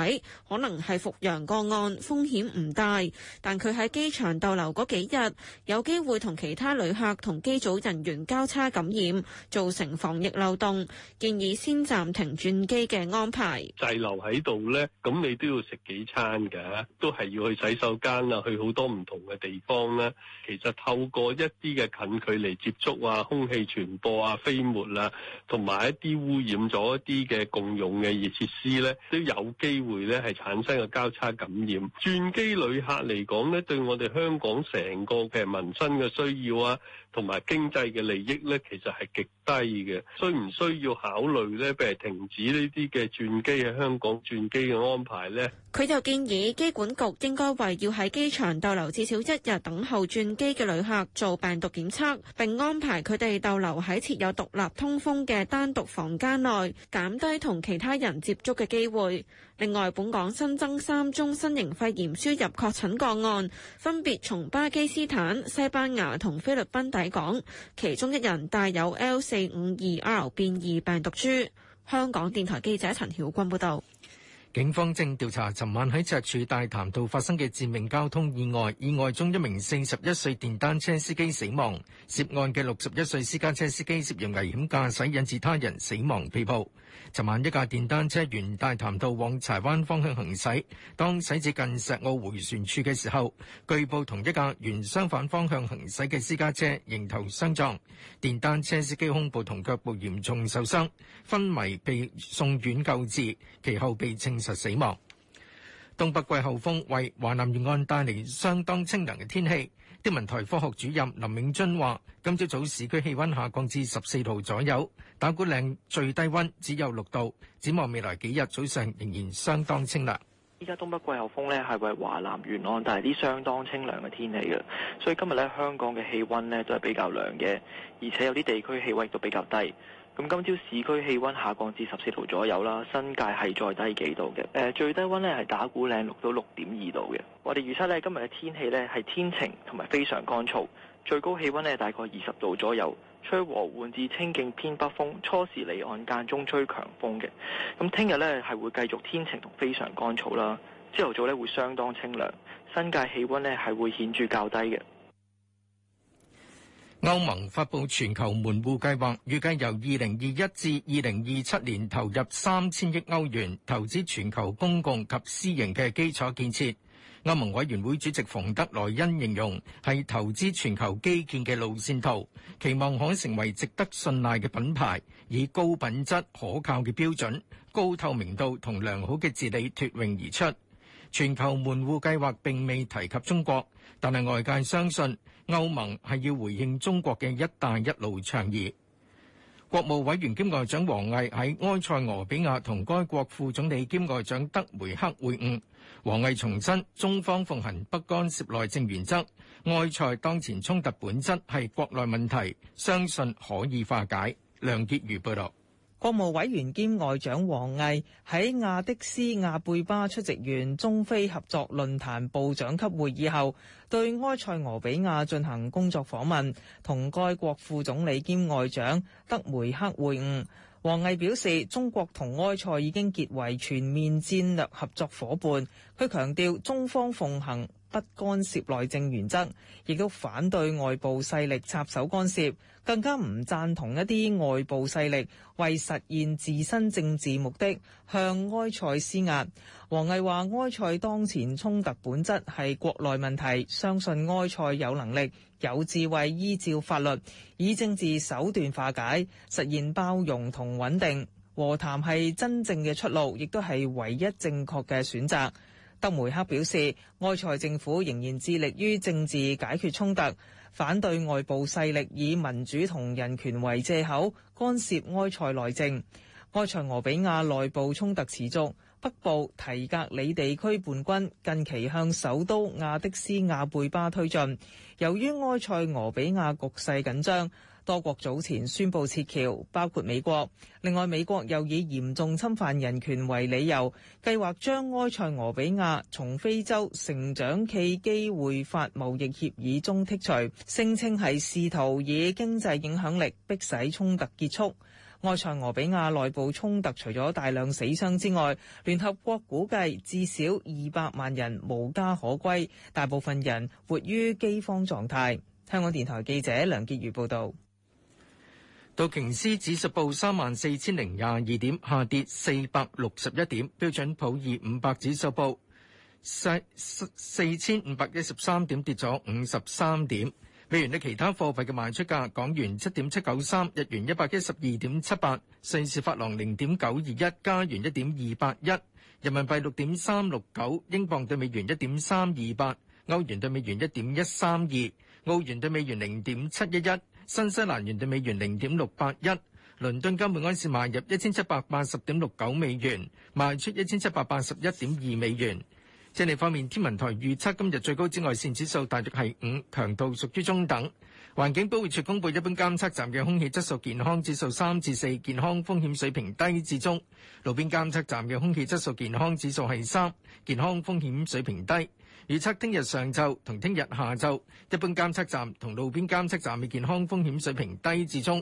可能係復陽個案，風險唔大。但佢喺機場逗留嗰幾日，有機會同其他旅客同機組人員交叉感染，造成防疫漏洞。建議先暫停轉機嘅安排。滯留喺度咧，咁你都要食幾餐㗎，都係要去洗手間啊，去好多唔同嘅地方啦。其實透過一啲嘅近距離接觸啊，空氣傳。傳播啊、飛沫啊，同埋一啲污染咗一啲嘅共用嘅熱設施咧，都有機會咧係產生個交叉感染。轉機旅客嚟講咧，對我哋香港成個嘅民生嘅需要啊。同埋經濟嘅利益呢，其實係極低嘅，需唔需要考慮呢，譬如停止呢啲嘅轉機喺香港轉機嘅安排呢？佢就建議機管局應該為要喺機場逗留至少一日等候轉機嘅旅客做病毒檢測，並安排佢哋逗留喺設有獨立通風嘅單獨房間內，減低同其他人接觸嘅機會。另外，本港新增三宗新型肺炎輸入確診個案，分別從巴基斯坦、西班牙同菲律賓等抵港，其中一人帶有 L 四五二 R 變異病毒株。香港電台記者陳曉君報道，警方正調查昨晚喺赤柱大潭道發生嘅致命交通意外，意外中一名四十一歲電單車司機死亡，涉案嘅六十一歲私家車司機涉嫌危險駕駛，引致他人死亡被捕。尋晚一架電單車沿大潭道往柴灣方向行駛，當駛至近石澳回旋處嘅時候，據報同一架沿相反方向行駛嘅私家車迎頭相撞，電單車司機胸部同腳部嚴重受傷，昏迷被送院救治，其後被證實死亡。東北季候風為華南沿岸帶嚟相當清涼嘅天氣。天文台科學主任林永津話，今朝早，早市區氣溫下降至十四度左右，打鼓嶺最低溫只有六度。展望未來幾日早上仍然相當清涼。依家東北季候風咧係為華南沿岸帶嚟啲相當清涼嘅天氣嘅，所以今日咧香港嘅氣溫咧都係比較涼嘅，而且有啲地區氣溫都比較低。咁今朝市區氣温下降至十四度左右啦，新界係再低幾度嘅。誒、呃、最低温呢係打鼓嶺六到六點二度嘅。我哋預測呢今日嘅天氣呢係天晴同埋非常乾燥，最高氣温呢大概二十度左右，吹和緩至清勁偏北風，初時離岸間中吹強風嘅。咁聽日呢係會繼續天晴同非常乾燥啦，朝頭早呢會相當清涼，新界氣温呢係會顯著較低嘅。歐盟發佈全球門戶計劃，預計由二零二一至二零二七年投入三千億歐元投資全球公共及私營嘅基礎建設。歐盟委員會主席馮德萊恩形容係投資全球基建嘅路線圖，期望可成為值得信賴嘅品牌，以高品質、可靠嘅標準、高透明度同良好嘅治理脫穎而出。全球門戶計劃並未提及中國，但係外界相信，歐盟係要回應中國嘅“一帶一路”倡議。國務委員兼外長王毅喺埃塞俄比亞同該國副總理兼外長德梅克會晤。王毅重申，中方奉行不干涉內政原則。外塞當前衝突本質係國內問題，相信可以化解。梁潔如報道。國務委員兼外長王毅喺亞的斯亞貝巴出席完中非合作論壇部長級會議後，對埃塞俄比亞進行工作訪問，同該國副總理兼外長德梅克會晤。王毅表示，中國同埃塞已經結為全面戰略合作夥伴。佢強調，中方奉行不干涉內政原則，亦都反對外部勢力插手干涉，更加唔贊同一啲外部勢力為實現自身政治目的向埃塞施壓。王毅話：埃塞當前衝突本質係國內問題，相信埃塞有能力、有智慧依照法律以政治手段化解，實現包容同穩定。和談係真正嘅出路，亦都係唯一正確嘅選擇。德梅克表示，埃塞政府仍然致力於政治解決衝突，反對外部勢力以民主同人權為借口干涉埃塞內政。埃塞俄比亞內部衝突持續，北部提格里地區叛軍近期向首都亞的斯亞貝巴推進。由於埃塞俄比亞局勢緊張。多國早前宣布撤僑，包括美國。另外，美國又以嚴重侵犯人權為理由，計劃將埃塞俄比亞從非洲成長暨機會法貿易協議中剔除，聲稱係試圖以經濟影響力迫使衝突結束。埃塞俄比亞內部衝突除咗大量死傷之外，聯合國估計至少二百萬人無家可歸，大部分人活於飢荒狀態。香港電台記者梁潔如報導。道瓊斯指數報三萬四千零廿二點，下跌四百六十一點。標準普爾五百指數報四四千五百一十三點，跌咗五十三點。美元對其他貨幣嘅賣出價：港元七點七九三，日元一百一十二點七八，瑞士法郎零點九二一，加元一點二八一，人民幣六點三六九，英鎊對美元一點三二八，歐元對美元一點一三二，澳元對美元零點七一一。新西蘭元兌美元零點六八一，倫敦金本安士買入一千七百八十點六九美元，賣出一千七百八十一點二美元。天氣方面，天文台預測今日最高紫外線指數大約係五，強度屬於中等。環境保護署公布一般監測站嘅空氣質素健康指數三至四，健康風險水平低至中。路邊監測站嘅空氣質素健康指數係三，健康風險水平低。預測聽日上晝同聽日下晝，一般監測站同路邊監測站嘅健康風險水平低至中。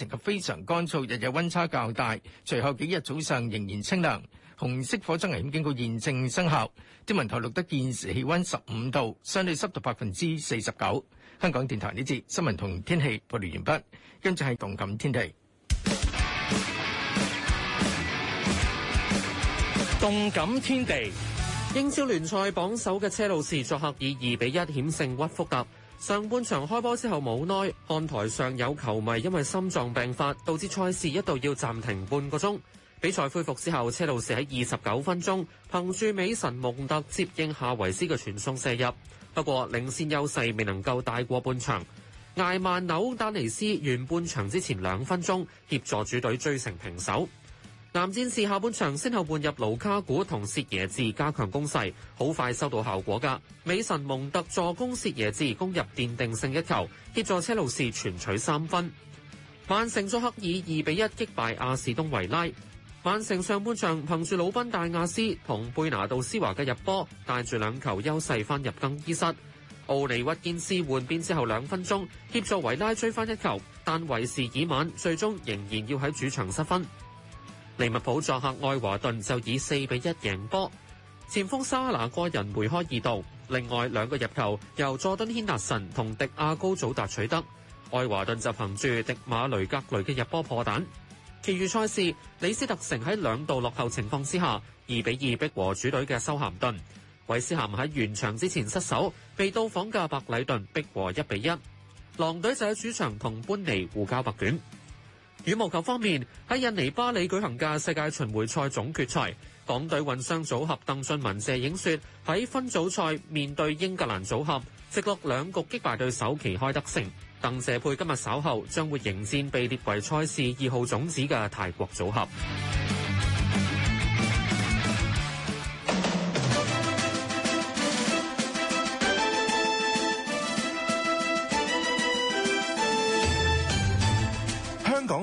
非常乾燥，日日溫差較大。隨後幾日早上仍然清涼。紅色火災危險警告現正生效。天文台錄得現時氣溫十五度，相對濕度百分之四十九。香港電台呢節新聞同天氣播報完畢。跟住係動感天地。動感天地，英超聯賽榜首嘅車路士作客以二比一險勝屈福特。上半場開波之後冇耐，看台上有球迷因為心臟病發，導致賽事一度要暫停半個鐘。比賽恢復之後，車路士喺二十九分鐘憑住美神蒙特接應夏維斯嘅傳送射入，不過領先優勢未能夠大過半場。艾曼紐丹尼斯完半場之前兩分鐘協助主隊追成平手。南戰士下半場先後換入盧卡古同薛耶治加強攻勢，好快收到效果噶。美神蒙特助攻薛耶治攻入奠定勝一球，協助車路士全取三分。曼城作客以二比一擊敗阿士東維拉。曼城上半場憑住魯賓大亞斯同貝拿度斯華嘅入波，帶住兩球優勢翻入更衣室。奧尼屈堅斯換邊之後兩分鐘協助維拉追翻一球，但為時已晚，最終仍然要喺主場失分。利物浦作客愛華頓就以四比一贏波，前鋒沙拿個人梅開二度，另外兩個入球由佐敦軒達臣同迪亞高祖達取得，愛華頓就憑住迪馬雷格雷嘅入波破蛋。其餘賽事，李斯特城喺兩度落後情況之下，二比二逼和主隊嘅修咸頓，韋斯咸喺完場之前失守，被到訪嘅白禮頓逼和一比一。狼隊就喺主場同班尼互交白卷。羽毛球方面，喺印尼巴里舉行嘅世界巡回賽總決賽，港隊混雙組合鄧俊文謝影雪喺分組賽面對英格蘭組合，直落兩局擊敗對手，旗開得勝。鄧謝佩今日稍後將會迎戰被列為賽事二號種子嘅泰國組合。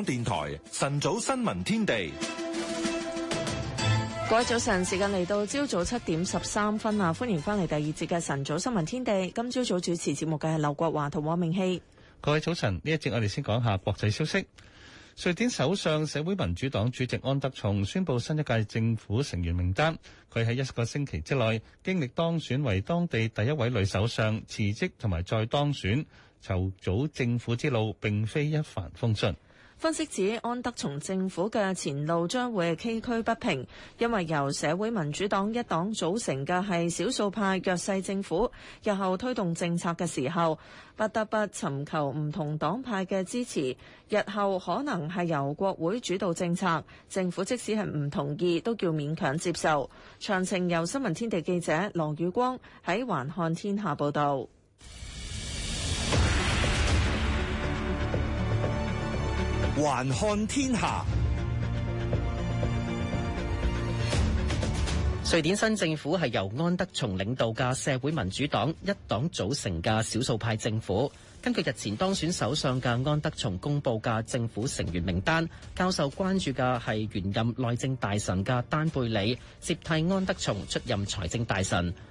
電台晨早新聞天地，各位早晨，時間嚟到朝早七點十三分啊。歡迎翻嚟第二節嘅晨早新聞天地。今朝早主持節目嘅係劉國華同王明熙。各位早晨，呢一節我哋先講下國際消息。瑞典首相社會民主黨主席安德松宣布新一屆政府成員名單。佢喺一個星期之內經歷當選為當地第一位女首相，辭職同埋再當選，籌組政府之路並非一帆風順。分析指安德從政府嘅前路將會崎嶇不平，因為由社會民主黨一黨組成嘅係少數派弱勢政府，日後推動政策嘅時候，不得不尋求唔同黨派嘅支持。日後可能係由國會主導政策，政府即使係唔同意，都叫勉強接受。詳情由新聞天地記者羅宇光喺《環看天下》報道。環看天下，瑞典新政府係由安德松領導嘅社會民主黨一黨組成嘅少數派政府。根據日前當選首相嘅安德松公布嘅政府成員名單，教授關注嘅係原任內政大臣嘅丹貝里，接替安德松出任財政大臣。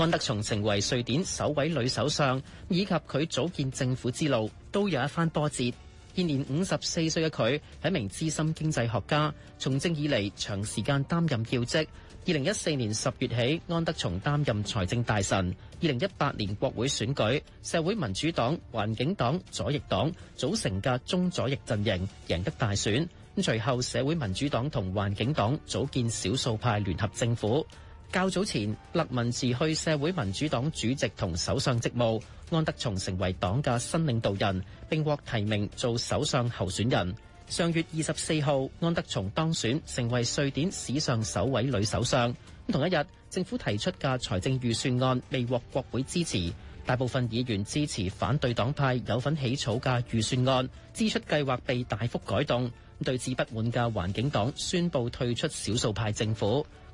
安德松成為瑞典首位女首相，以及佢組建政府之路都有一番波折。現年五十四歲嘅佢係一名資深經濟學家，從政以嚟長時間擔任要職。二零一四年十月起，安德松擔任財政大臣。二零一八年國會選舉，社會民主黨、環境黨、左翼黨組成嘅中左翼陣營贏得大選。咁隨後，社會民主黨同環境黨組建少數派聯合政府。較早前，勒文辭去社會民主黨主席同首相職務，安德松成為黨嘅新領導人，並獲提名做首相候選人。上月二十四號，安德松當選，成為瑞典史上首位女首相。同一日，政府提出嘅財政預算案未獲國會支持，大部分議員支持反對黨派有份起草嘅預算案，支出計劃被大幅改動。對此不滿嘅環境黨宣佈退出少數派政府。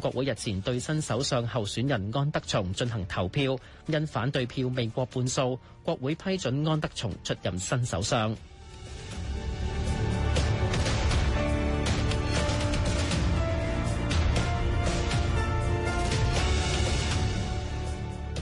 國會日前對新首相候選人安德松進行投票，因反對票未過半數，國會批准安德松出任新首相。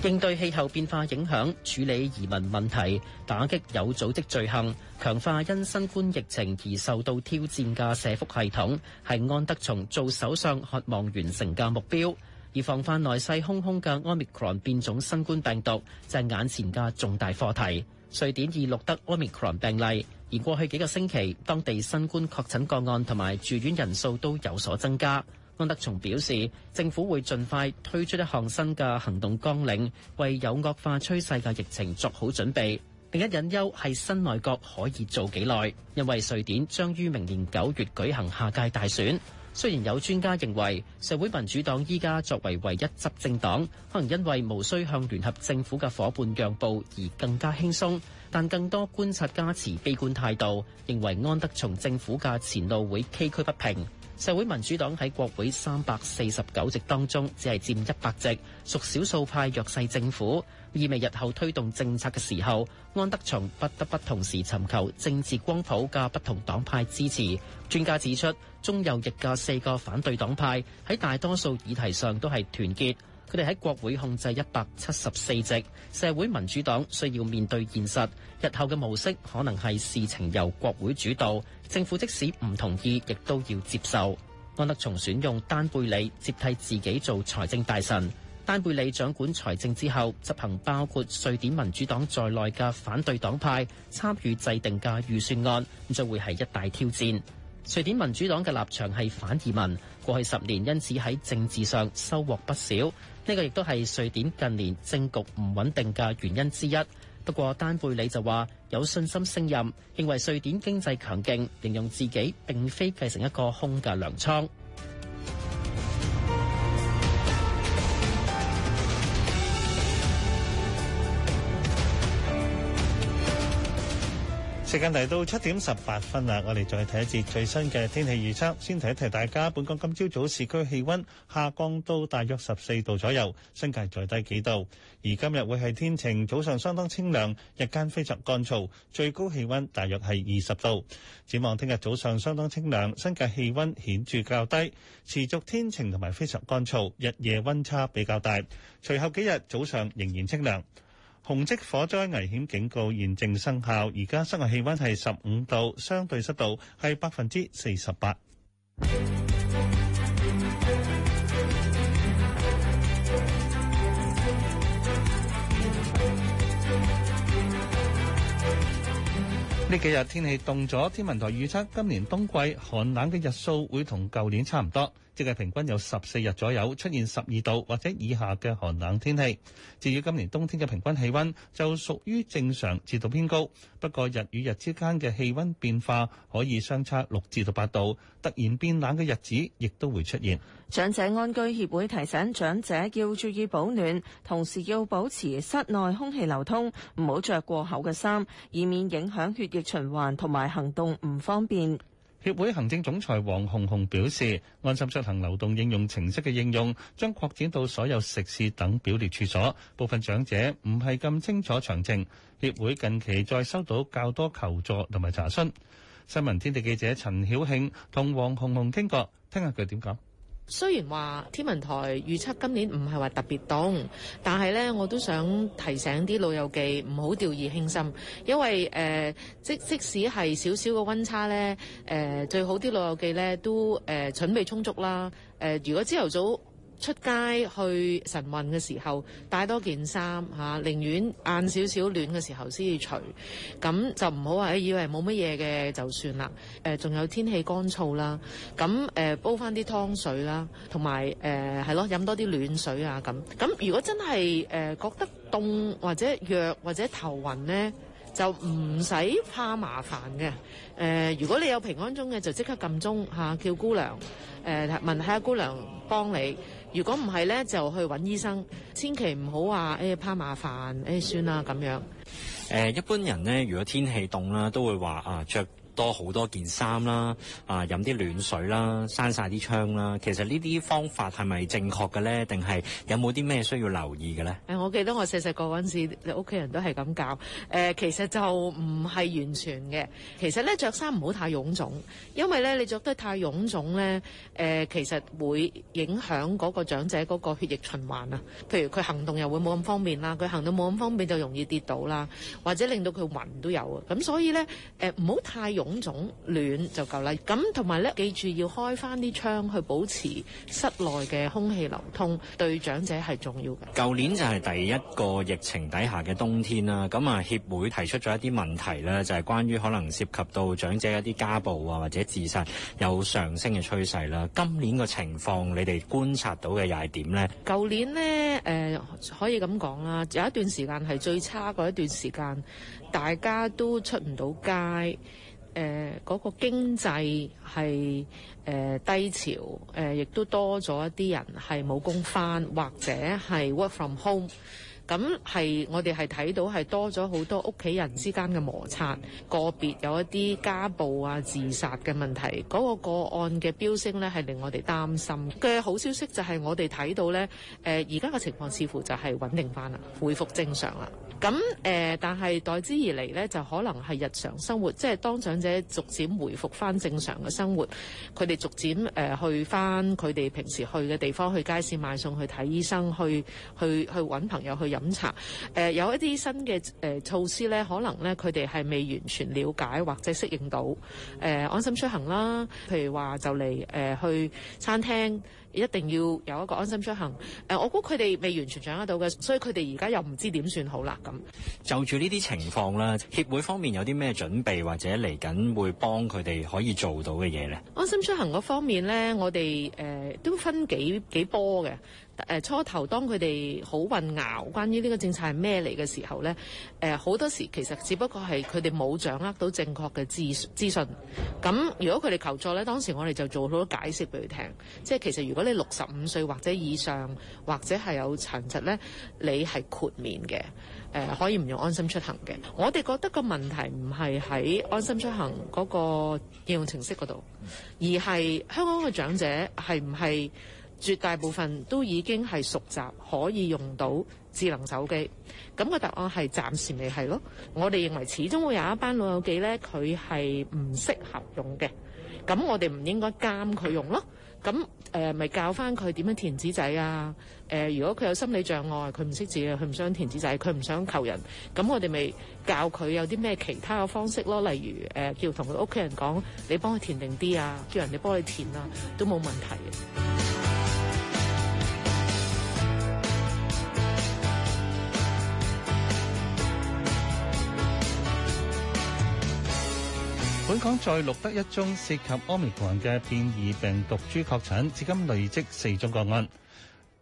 應對氣候變化影響、處理移民問題、打擊有組織罪行、強化因新冠疫情而受到挑戰嘅社福系統，係安德松做首相渴望完成嘅目標。而防範內勢洶洶嘅 Omicron 變種新冠病毒，就係、是、眼前嘅重大課題。瑞典已錄得 Omicron 病例，而過去幾個星期，當地新冠確診個案同埋住院人數都有所增加。安德松表示，政府會盡快推出一項新嘅行動綱領，為有惡化趨勢嘅疫情作好準備。另一隱憂係新內閣可以做幾耐，因為瑞典將於明年九月舉行下屆大選。雖然有專家認為社會民主黨依家作為唯一執政黨，可能因為無需向聯合政府嘅伙伴讓步而更加輕鬆，但更多觀察家持悲觀態度，認為安德松政府嘅前路會崎嶇不平。社會民主黨喺國會三百四十九席當中，只係佔一百席，屬少數派弱勢政府，意味日後推動政策嘅時候，安德松不得不同時尋求政治光譜嘅不同黨派支持。專家指出，中右翼嘅四個反對黨派喺大多數議題上都係團結。佢哋喺國會控制一百七十四席，社會民主黨需要面對現實，日後嘅模式可能係事情由國會主導，政府即使唔同意，亦都要接受。安德松選用丹貝里接替自己做財政大臣，丹貝里掌管財政之後，執行包括瑞典民主黨在內嘅反對黨派參與制定嘅預算案，咁就會係一大挑戰。瑞典民主黨嘅立場係反移民，過去十年因此喺政治上收穫不少。呢個亦都係瑞典近年政局唔穩定嘅原因之一。不過丹貝里就話有信心勝任，認為瑞典經濟強勁，形容自己並非繼承一個空嘅糧倉。時間嚟到七點十八分啦，我哋再睇一節最新嘅天氣預測。先提一提大家，本港今朝早，早市區氣温下降到大約十四度左右，新界再低幾度。而今日會係天晴，早上相當清涼，日間非常乾燥，最高氣温大約係二十度。展望聽日早上相當清涼，新界氣温顯著較低，持續天晴同埋非常乾燥，日夜温差比較大。隨後幾日早上仍然清涼。紅色火災危險警告現正生效，而家室外氣温係十五度，相對濕度係百分之四十八。呢幾日天，天氣凍咗，天文台預測今年冬季寒冷嘅日數會同舊年差唔多。世界平均有十四日左右出現十二度或者以下嘅寒冷天氣。至於今年冬天嘅平均氣温就屬於正常，至到偏高。不過日與日之間嘅氣温變化可以相差六至到八度，突然變冷嘅日子亦都會出現。長者安居協會提醒長者要注意保暖，同時要保持室內空氣流通，唔好着過厚嘅衫，以免影響血液循環同埋行動唔方便。協會行政總裁黃紅紅表示，安心出行流動應用程式嘅應用將擴展到所有食肆等表列處所。部分長者唔係咁清楚詳情，協會近期再收到較多求助同埋查詢。新聞天地記者陳曉慶同黃紅紅傾過，聽下佢點講。雖然話天文台預測今年唔係話特別凍，但係呢，我都想提醒啲老友記唔好掉以輕心，因為誒、呃、即即使係少少嘅溫差呢，誒、呃、最好啲老友記呢都誒、呃、準備充足啦。誒、呃、如果朝頭早出街去晨運嘅時候，帶多件衫嚇、啊，寧願晏少少暖嘅時候先要除。咁、啊、就唔好話以為冇乜嘢嘅就算啦。誒、啊、仲有天氣乾燥啦，咁、啊、誒、啊、煲翻啲湯水啦，同埋誒係咯飲多啲暖水啊。咁、啊、咁、啊、如果真係誒、啊、覺得凍或者弱或者頭暈呢，就唔使怕麻煩嘅。誒、啊、如果你有平安鐘嘅就即刻撳鐘嚇、啊，叫姑娘誒、啊、問下姑娘幫你。如果唔係咧，就去揾醫生，千祈唔好話誒怕麻煩，誒算啦咁樣。誒、呃、一般人咧，如果天氣凍啦，都會話啊著多好多件衫啦，啊、呃，飲啲暖水啦，閂晒啲窗啦。其實呢啲方法係咪正確嘅咧？定係有冇啲咩需要留意嘅咧？誒，我記得我細細個陣時你屋企人都係咁教。誒，其實就唔係完全嘅。其實咧，着衫唔好太臃腫，因為咧，你着得太臃腫咧，誒、呃、其實會影響嗰個長者嗰個血液循環啊。譬如佢行動又會冇咁方便啦，佢行到冇咁方便就容易跌倒啦，或者令到佢暈都有啊。咁所以咧，誒，唔好太種種暖就夠啦。咁同埋咧，記住要開翻啲窗去保持室內嘅空氣流通，對長者係重要嘅。舊年就係第一個疫情底下嘅冬天啦。咁啊，協會提出咗一啲問題啦，就係關於可能涉及到長者一啲家暴啊，或者自殺有上升嘅趨勢啦。今年個情況，你哋觀察到嘅又係點呢？舊年呢，誒可以咁講啦，有一段時間係最差嗰一段時間，大家都出唔到街。誒嗰、呃那個經濟係、呃、低潮，誒、呃、亦都多咗一啲人係冇工返，或者係 work from home。咁係我哋係睇到係多咗好多屋企人之間嘅摩擦，個別有一啲家暴啊、自殺嘅問題，嗰個個案嘅飆升咧係令我哋擔心嘅。好消息就係我哋睇到咧，誒而家嘅情況似乎就係穩定翻啦，恢復正常啦。咁誒、呃、但係代之而嚟咧，就可能係日常生活，即係當長者逐漸回復翻正常嘅生活，佢哋逐漸誒、呃、去翻佢哋平時去嘅地方，去街市買餸，去睇醫生，去去去揾朋友去遊。飲茶，誒、嗯、有一啲新嘅誒、呃、措施咧，可能咧佢哋係未完全了解或者適應到誒、呃、安心出行啦。譬如話，就嚟誒去餐廳一定要有一個安心出行。誒、呃、我估佢哋未完全掌握到嘅，所以佢哋而家又唔知點算好啦。咁就住呢啲情況啦，協會方面有啲咩準備或者嚟緊會幫佢哋可以做到嘅嘢咧？安心出行嗰方面咧，我哋誒、呃、都分幾幾波嘅。誒初頭當佢哋好混淆關於呢個政策係咩嚟嘅時候呢，誒好多時其實只不過係佢哋冇掌握到正確嘅資資訊。咁如果佢哋求助呢，當時我哋就做好多解釋俾佢聽。即係其實如果你六十五歲或者以上，或者係有殘疾呢，你係豁免嘅，誒可以唔用安心出行嘅。我哋覺得個問題唔係喺安心出行嗰個應用程式嗰度，而係香港嘅長者係唔係？絕大部分都已經係熟習可以用到智能手機，咁個答案係暫時未係咯。我哋認為始終會有一班老友記呢佢係唔適合用嘅。咁我哋唔應該監佢用咯。咁誒，咪、呃、教翻佢點樣填紙仔啊？誒、呃，如果佢有心理障礙，佢唔識字佢唔想填紙仔，佢唔想求人，咁我哋咪教佢有啲咩其他嘅方式咯？例如誒、呃，叫同佢屋企人講，你幫佢填定啲啊，叫人哋幫你填啊，都冇問題嘅。本港再錄得一宗涉及 Omicron 嘅變異病毒株確診，至今累積四宗個案。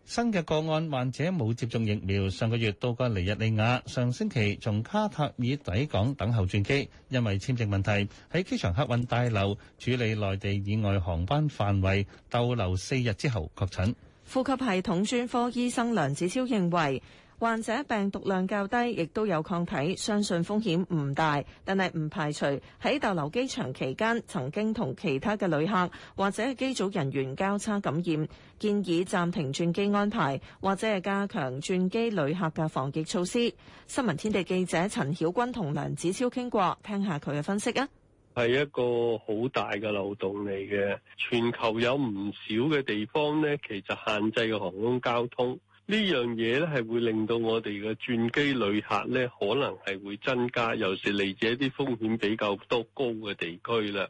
新嘅個案患者冇接種疫苗，上個月到過尼日利亞，上星期從卡塔爾抵港等候轉機，因為簽證問題喺機場客運大樓處理內地以外航班範圍逗留四日之後確診。呼吸系統專科醫生梁子超認為。患者病毒量較低，亦都有抗體，相信風險唔大，但係唔排除喺逗留機場期間曾經同其他嘅旅客或者機組人員交叉感染，建議暫停轉機安排，或者係加強轉機旅客嘅防疫措施。新聞天地記者陳曉君同梁子超傾過，聽下佢嘅分析啊。係一個好大嘅漏洞嚟嘅，全球有唔少嘅地方咧，其實限制嘅航空交通。呢樣嘢咧係會令到我哋嘅轉機旅客咧，可能係會增加，尤其是嚟自一啲風險比較多高嘅地區啦。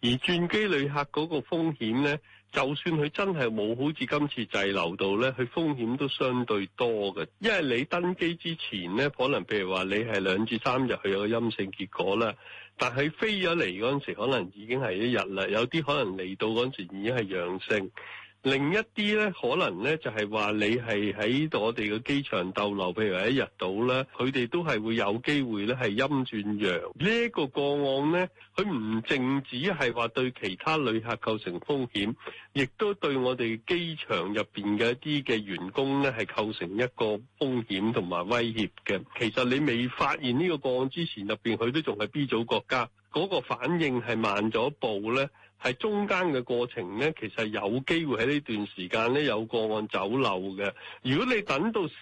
而轉機旅客嗰個風險咧，就算佢真係冇好似今次滯留度咧，佢風險都相對多嘅。因為你登機之前咧，可能譬如話你係兩至三日佢有個陰性結果啦，但係飛咗嚟嗰陣時，可能已經係一日啦。有啲可能嚟到嗰陣時已經係陽性。另一啲咧，可能咧就係話你係喺我哋嘅機場逗留，譬如話一日到咧，佢哋都係會有機會咧係陰轉陽。呢一個個案咧，佢唔淨止係話對其他旅客構成風險，亦都對我哋機場入邊嘅一啲嘅員工咧係構成一個風險同埋威脅嘅。其實你未發現呢個個案之前，入邊佢都仲係 B 組國家，嗰個反應係慢咗步咧。係中間嘅過程呢，其實有機會喺呢段時間呢有個案走漏嘅。如果你等到事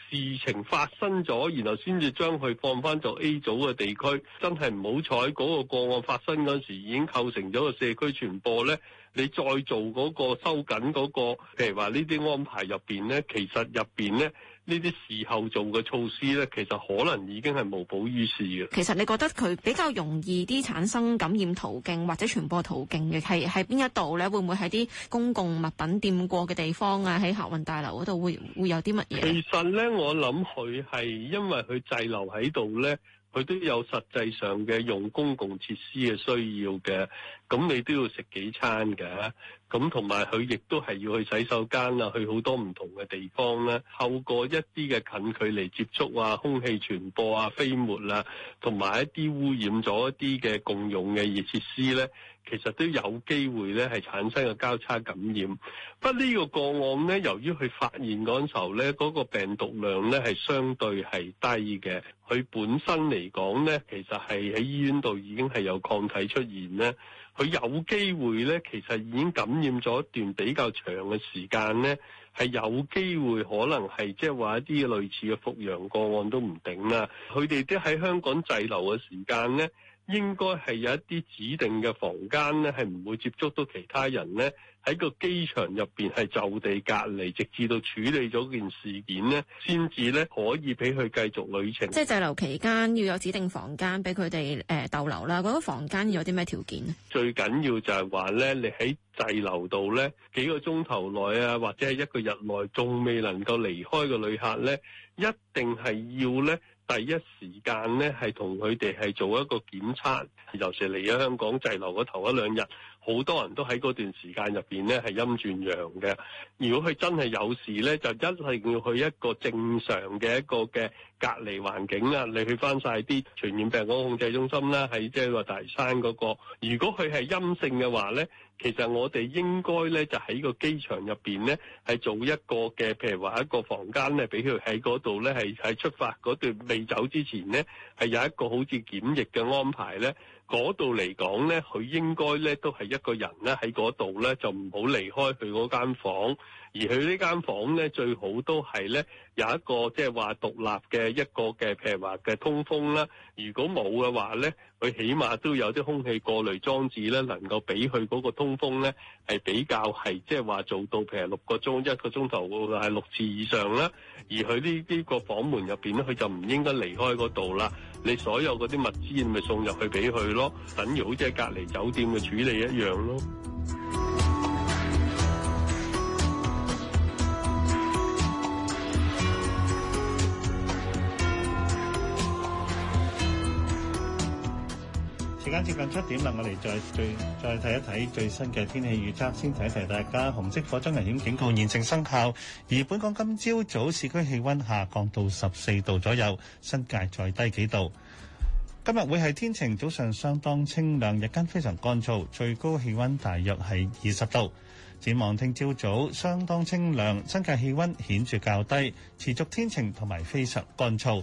情發生咗，然後先至將佢放翻做 A 組嘅地區，真係唔好彩嗰個個案發生嗰時已經構成咗個社區傳播呢，你再做嗰個收緊嗰個，譬如話呢啲安排入邊呢，其實入邊呢。呢啲事後做嘅措施呢，其實可能已經係無補於事嘅。其實你覺得佢比較容易啲產生感染途徑或者傳播途徑嘅係係邊一度呢？會唔會喺啲公共物品掂過嘅地方啊？喺客運大樓嗰度會會有啲乜嘢？其實呢，我諗佢係因為佢滯留喺度呢。佢都有實際上嘅用公共設施嘅需要嘅，咁你都要食幾餐嘅，咁同埋佢亦都係要去洗手間啊，去好多唔同嘅地方啦。透過一啲嘅近距離接觸啊、空氣傳播啊、飛沫啊，同埋一啲污染咗一啲嘅共用嘅熱設施咧。其實都有機會咧，係產生個交叉感染。不過呢個個案咧，由於佢發現嗰時候咧，嗰個病毒量咧係相對係低嘅，佢本身嚟講咧，其實係喺醫院度已經係有抗體出現咧。佢有機會咧，其實已經感染咗一段比較長嘅時間咧，係有機會可能係即係話一啲類似嘅復陽個案都唔定啦。佢哋都喺香港滯留嘅時間咧。應該係有一啲指定嘅房間咧，係唔會接觸到其他人咧，喺個機場入邊係就地隔離，直至到處理咗件事件咧，先至咧可以俾佢繼續旅程。即係滯留期間要有指定房間俾佢哋誒逗留啦。嗰個房間要有啲咩條件？最緊要就係話咧，你喺滯留度咧幾個鐘頭內啊，或者係一個日內，仲未能夠離開嘅旅客咧，一定係要咧。第一時間咧，係同佢哋係做一個檢測，尤其嚟咗香港滯留嗰頭一兩日。好多人都喺嗰段時間入邊咧係陰轉陽嘅。如果佢真係有事咧，就一定要去一個正常嘅一個嘅隔離環境啦。你去翻曬啲傳染病嗰個控制中心啦，喺即係話大山嗰個。如果佢係陰性嘅話咧，其實我哋應該咧就喺個機場入邊咧係做一個嘅，譬如話一個房間咧俾佢喺嗰度咧係喺出發嗰段未走之前咧係有一個好似檢疫嘅安排咧。嗰度嚟講咧，佢應該咧都係一個人咧喺嗰度咧，就唔好離開佢嗰間房。而佢呢間房呢，最好都係呢有一個即係話獨立嘅一個嘅，譬如話嘅通風啦。如果冇嘅話呢，佢起碼都有啲空氣過濾裝置呢，能夠俾佢嗰個通風呢係比較係即係話做到，譬如六個鐘一個鐘頭係六次以上啦。而佢呢呢個房門入邊呢，佢就唔應該離開嗰度啦。你所有嗰啲物資咪送入去俾佢咯，等於好似隔離酒店嘅處理一樣咯。時間接近七點啦，我哋再再睇一睇最新嘅天氣預測，先提一提大家紅色火災危險警告現正生效。而本港今朝早，早市區氣温下降到十四度左右，新界再低幾度。今日會係天晴，早上相當清涼，日間非常乾燥，最高氣温大約係二十度。展望聽朝早，早相當清涼，新界氣温顯著較低，持續天晴同埋非常乾燥。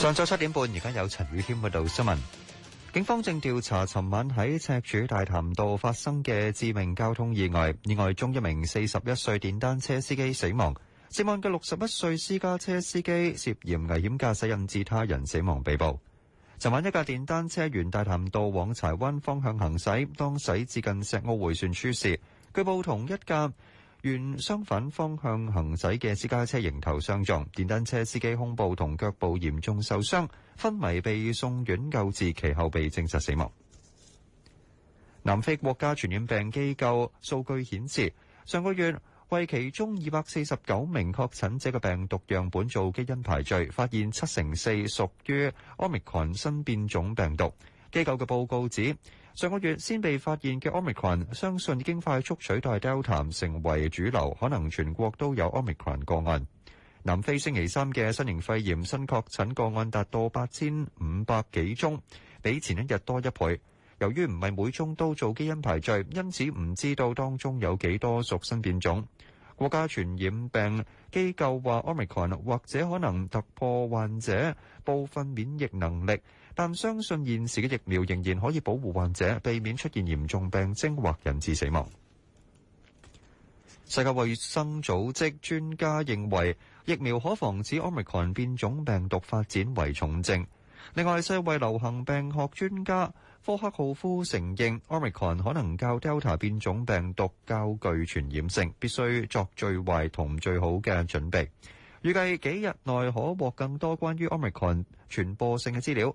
上晝七點半，而家有陳宇謙報道新聞。警方正調查尋晚喺赤柱大潭道發生嘅致命交通意外，意外中一名四十一歲電單車司機死亡，涉案嘅六十一歲私家車司機涉嫌危險駕駛，引致他人死亡被捕。尋晚一架電單車沿大潭道往柴灣方向行駛，當駛至近石澳回旋處時，據報同一架。沿相反方向行駛嘅私家車迎頭相撞，電單車司機胸部同腳部嚴重受傷，昏迷被送院救治，其後被證實死亡。南非國家傳染病機構數據顯示，上個月為其中二百四十九名確診者嘅病毒樣本做基因排序，發現七成四屬於 Omicron 新變種病毒。機構嘅報告指，上個月先被發現嘅 omicron 相信已經快速取代 Delta 成為主流，可能全國都有 omicron 個案。南非星期三嘅新型肺炎新確診個案達到八千五百幾宗，比前一日多一倍。由於唔係每宗都做基因排序，因此唔知道當中有幾多屬新變種。國家傳染病機構話，omicron 或者可能突破患者部分免疫能力。但相信現時嘅疫苗仍然可以保護患者，避免出現嚴重病徵或引致死亡。世界衛生組織專家認為疫苗可防止 omicron 變種病毒發展為重症。另外，世衛流行病學專家科克豪夫承認 omicron 可能較 delta 變種病毒較具傳染性，必須作最壞同最好嘅準備，預計幾日內可獲更多關於 omicron 傳播性嘅資料。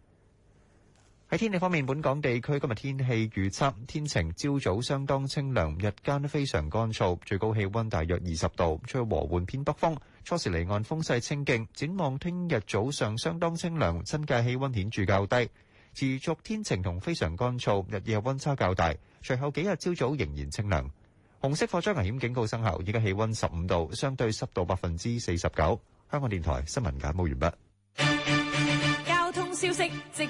喺天氣方面，本港地區今日天氣預測天晴，朝早相當清涼，日間非常乾燥，最高氣温大約二十度，吹和緩偏北風。初時離岸風勢清勁，展望聽日早上相當清涼，新界氣温顯著較低，持續天晴同非常乾燥，日夜温差較大。隨後幾日朝早仍然清涼。紅色火災危險警告生效，而家氣温十五度，相對濕度百分之四十九。香港電台新聞簡報完畢。交通消息直。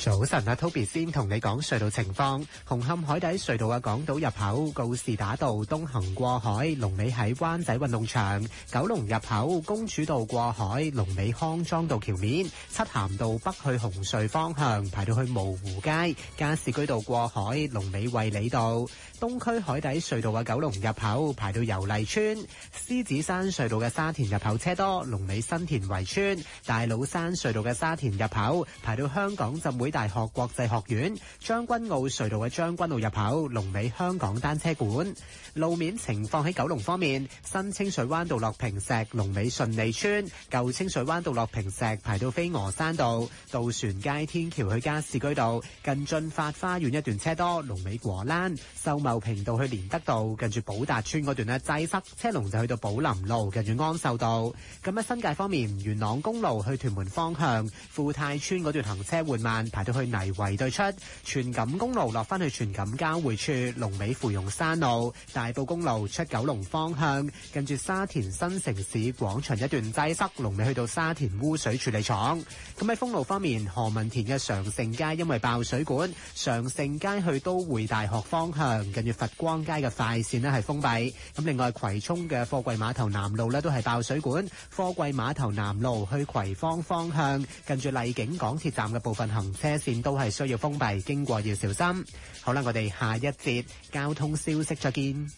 早晨啊，Toby 先同你講隧道情況。紅磡海底隧道嘅港島入口告士打道東行過海，龍尾喺灣仔運動場；九龍入口公主道過海，龍尾康莊道橋面；漆咸道北去紅隧方向排到去蕪湖街；加士居道過海，龍尾衛理道；東區海底隧道嘅九龍入口排到油麗村；獅子山隧道嘅沙田入口車多，龍尾新田圍村；大老山隧道嘅沙田入口排到香港浸會大學國際學院將軍澳隧道嘅將軍澳入口，龍尾香港單車館路面情況喺九龍方面，新清水灣道落坪石，龍尾順利村；舊清水灣道落坪石，排到飛鵝山道，渡船街天橋去加士居道，近駿發花園一段車多，龍尾果欄；秀茂坪道去連德道，近住寶達村嗰段呢，擠塞，車龍就去到寶林路，近住安秀道。咁喺新界方面，元朗公路去屯門方向，富泰村嗰段行車緩慢。排到去泥圍對出，荃錦公路落翻去荃錦交匯處，龍尾芙蓉山路、大埔公路出九龍方向，跟住沙田新城市廣場一段擠塞，龍尾去到沙田污水處理廠。咁喺封路方面，何文田嘅常盛街因為爆水管，常盛街去都會大學方向，跟住佛光街嘅快線咧係封閉。咁另外葵涌嘅貨櫃碼頭南路咧都係爆水管，貨櫃碼頭南路去葵芳方向，跟住荔景港鐵站嘅部分行車。車線都係需要封閉，經過要小心。好啦，我哋下一節交通消息，再見。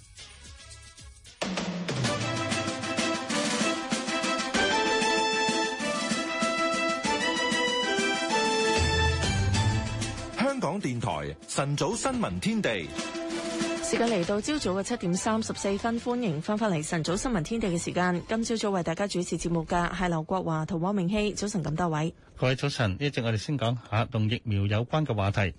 香港電台晨早新聞天地。時間嚟到朝早嘅七點三十四分，歡迎翻返嚟晨早新聞天地嘅時間。今朝早為大家主持節目嘅係劉國華同汪明熙，早晨咁多位。各位早晨，一陣我哋先講下同疫苗有關嘅話題。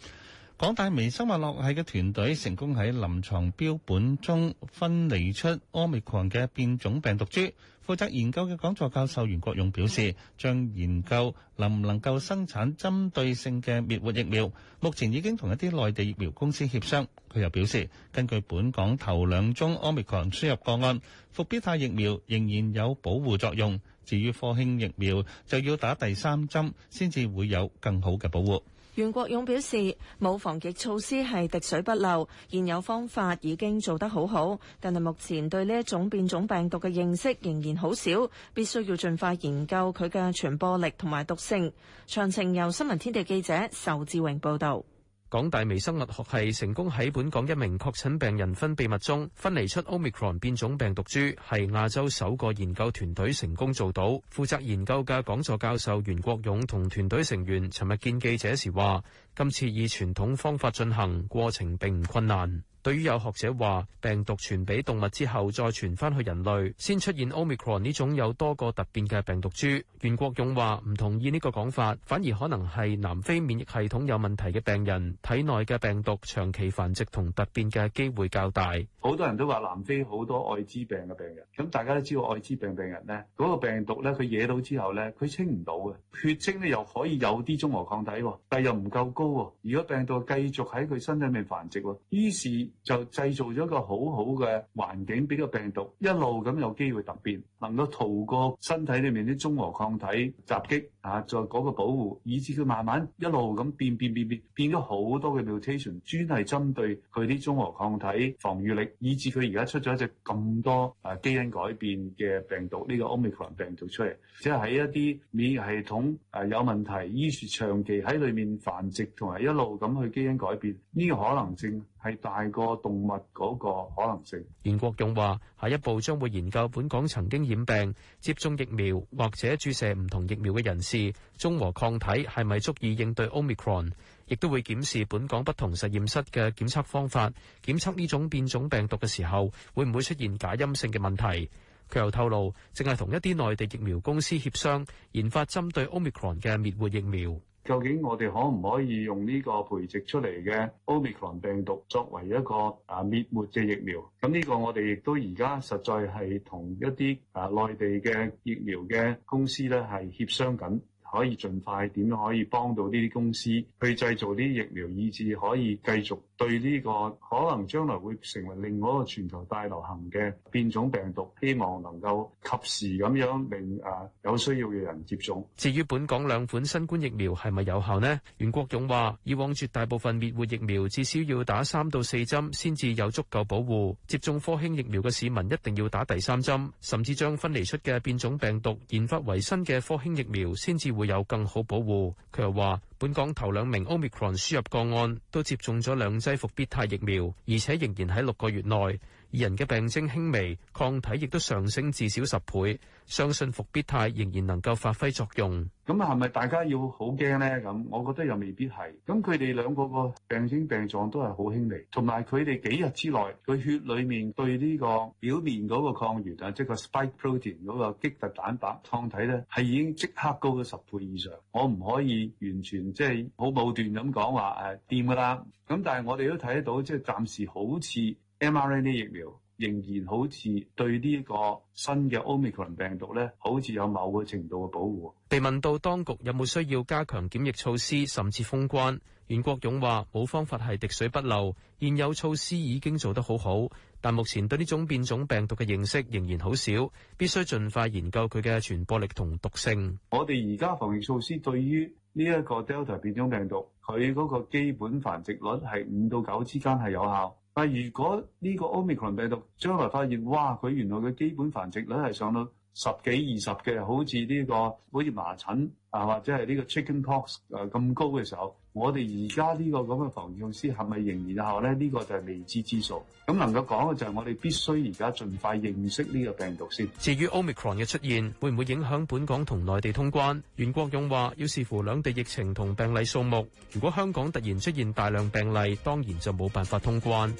港大微生物學系嘅團隊成功喺臨床標本中分離出 omicron 嘅變種病毒株。負責研究嘅講座教授袁國勇表示，將研究能唔能夠生產針對性嘅滅活疫苗。目前已經同一啲內地疫苗公司協商。佢又表示，根據本港頭兩宗 omicron 輸入個案，復必泰疫苗仍然有保護作用。至於科興疫苗就要打第三針先至會有更好嘅保護。袁國勇表示，冇防疫措施係滴水不漏，現有方法已經做得好好，但係目前對呢一種變種病毒嘅認識仍然好少，必須要盡快研究佢嘅傳播力同埋毒性。詳情由新聞天地記者仇志榮報道。港大微生物學系成功喺本港一名確診病人分泌物中分離出 Omicron 變種病毒株，係亞洲首個研究團隊成功做到。負責研究嘅講座教授袁國勇同團隊成員尋日見記者時話，今次以傳統方法進行，過程並唔困難。對於有學者話病毒傳俾動物之後再傳翻去人類，先出現 Omicron 呢種有多個突變嘅病毒株，袁國勇話唔同意呢個講法，反而可能係南非免疫系統有問題嘅病人體內嘅病毒長期繁殖同突變嘅機會較大。好多人都話南非好多艾滋病嘅病人，咁大家都知道艾滋病病人呢，嗰個病毒呢，佢惹到之後呢，佢清唔到嘅血清呢，又可以有啲中和抗體，但又唔夠高。如果病毒繼續喺佢身體裡面繁殖，於是就製造咗一個好好嘅環境俾個病毒一路咁有機會突變。能夠逃過身體裏面啲中和抗體襲擊，啊，在嗰個保護，以致佢慢慢一路咁變變變變，變咗好多嘅 mutation，專係針對佢啲中和抗體防禦力，以致佢而家出咗一隻咁多啊基因改變嘅病毒，呢個 Omicron 病毒出嚟，即係喺一啲免疫系統啊有問題、醫術長期喺裏面繁殖同埋一路咁去基因改變，呢個可能性。係大過動物嗰個可能性。袁國勇話：下一步將會研究本港曾經染病、接種疫苗或者注射唔同疫苗嘅人士，中和抗體係咪足以應對 Omicron，亦都會檢視本港不同實驗室嘅檢測方法，檢測呢種變種病毒嘅時候，會唔會出現假陰性嘅問題？佢又透露，淨係同一啲內地疫苗公司協商，研發針對 Omicron 嘅滅活疫苗。究竟我哋可唔可以用呢個培植出嚟嘅奧密克隆病毒作為一個啊滅活嘅疫苗？咁呢個我哋亦都而家實在係同一啲啊內地嘅疫苗嘅公司咧係協商緊。可以盡快點樣可以幫到呢啲公司去製造啲疫苗，以至可以繼續對呢個可能將來會成為另外一個全球大流行嘅變種病毒，希望能夠及時咁樣令誒有需要嘅人接種。至於本港兩款新冠疫苗係咪有效呢？袁國勇話：以往絕大部分滅活疫苗至少要打三到四針先至有足夠保護，接種科興疫苗嘅市民一定要打第三針，甚至將分離出嘅變種病毒研發為新嘅科興疫苗先至會。會有更好保護。佢又話，本港頭兩名 omicron 輸入個案都接種咗兩劑復必泰疫苗，而且仍然喺六個月內。人嘅病徵輕微，抗體亦都上升至少十倍，相信復必泰仍然能夠發揮作用。咁啊，係咪大家要好驚咧？咁，我覺得又未必係。咁佢哋兩個個病徵病狀都係好輕微，同埋佢哋幾日之內，佢血裏面對呢個表面嗰個抗原啊，即個 spike protein 嗰個棘突蛋白抗體咧，係已經即刻高咗十倍以上。我唔可以完全即係好武斷咁講話誒，掂噶啦。咁但係我哋都睇得到，即係暫時好似。mRNA 疫苗仍然好似對呢個新嘅 Omicron 病毒咧，好似有某個程度嘅保護。被問到當局有冇需要加強檢疫措施，甚至封關，袁國勇話冇方法係滴水不漏，現有措施已經做得好好，但目前對呢種變種病毒嘅認識仍然好少，必須盡快研究佢嘅傳播力同毒性。我哋而家防疫措施對於呢一個 Delta 變種病毒，佢嗰個基本繁殖率係五到九之間係有效。但如果呢個奧密克戎病毒將來發現哇！佢原來佢基本繁殖率係上到十幾二十嘅，好似呢、這個好似麻疹啊，或者係呢個 Chickenpox 啊咁高嘅時候。我哋而家呢個咁嘅防疫措施係咪仍然有效咧？呢個就係未知之數。咁能夠講嘅就係我哋必須而家盡快認識呢個病毒先。至於 Omicron 嘅出現會唔會影響本港同內地通關？袁國勇話要視乎兩地疫情同病例數目。如果香港突然出現大量病例，當然就冇辦法通關。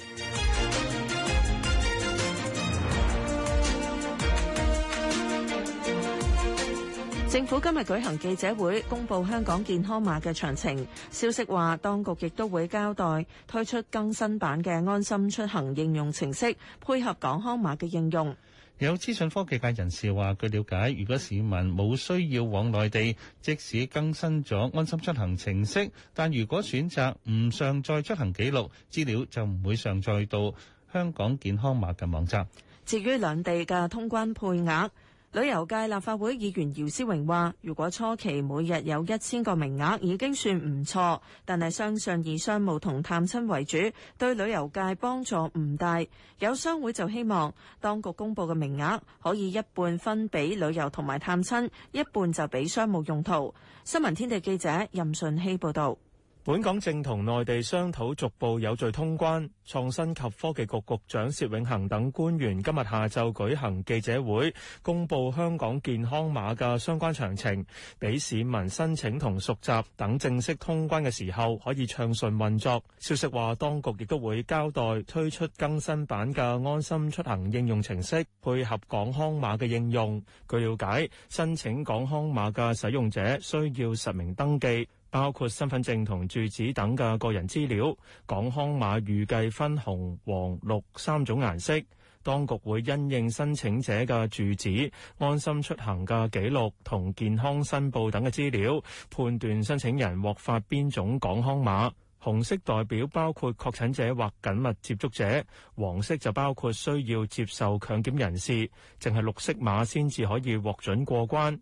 政府今日舉行記者會，公布香港健康碼嘅詳情。消息話，當局亦都會交代推出更新版嘅安心出行應用程式，配合港康碼嘅應用。有資訊科技界人士話，據了解，如果市民冇需要往內地，即使更新咗安心出行程式，但如果選擇唔上載出行記錄資料，就唔會上載到香港健康碼嘅網站。至於兩地嘅通關配額。旅遊界立法會議員姚思榮話，如果初期每日有一千個名額已經算唔錯，但係相信以商務同探親為主，對旅遊界幫助唔大。有商會就希望當局公布嘅名額可以一半分俾旅遊同埋探親，一半就俾商務用途。新聞天地記者任信希報道。本港正同內地商討逐步有序通關，創新及科技局局，局長薛永恆等官員今日下晝舉行記者會，公布香港健康碼嘅相關詳情，俾市民申請同熟習，等正式通關嘅時候可以暢順運作。消息話，當局亦都會交代推出更新版嘅安心出行應用程式，配合港康碼嘅應用。據了解，申請港康碼嘅使用者需要實名登記。包括身份證同住址等嘅個人資料，港康碼預計分紅、黃、綠三種顏色。當局會因應申請者嘅住址、安心出行嘅記錄同健康申報等嘅資料，判斷申請人獲發邊種港康碼。紅色代表包括確診者或緊密接觸者，黃色就包括需要接受強檢人士，淨係綠色碼先至可以獲准過關。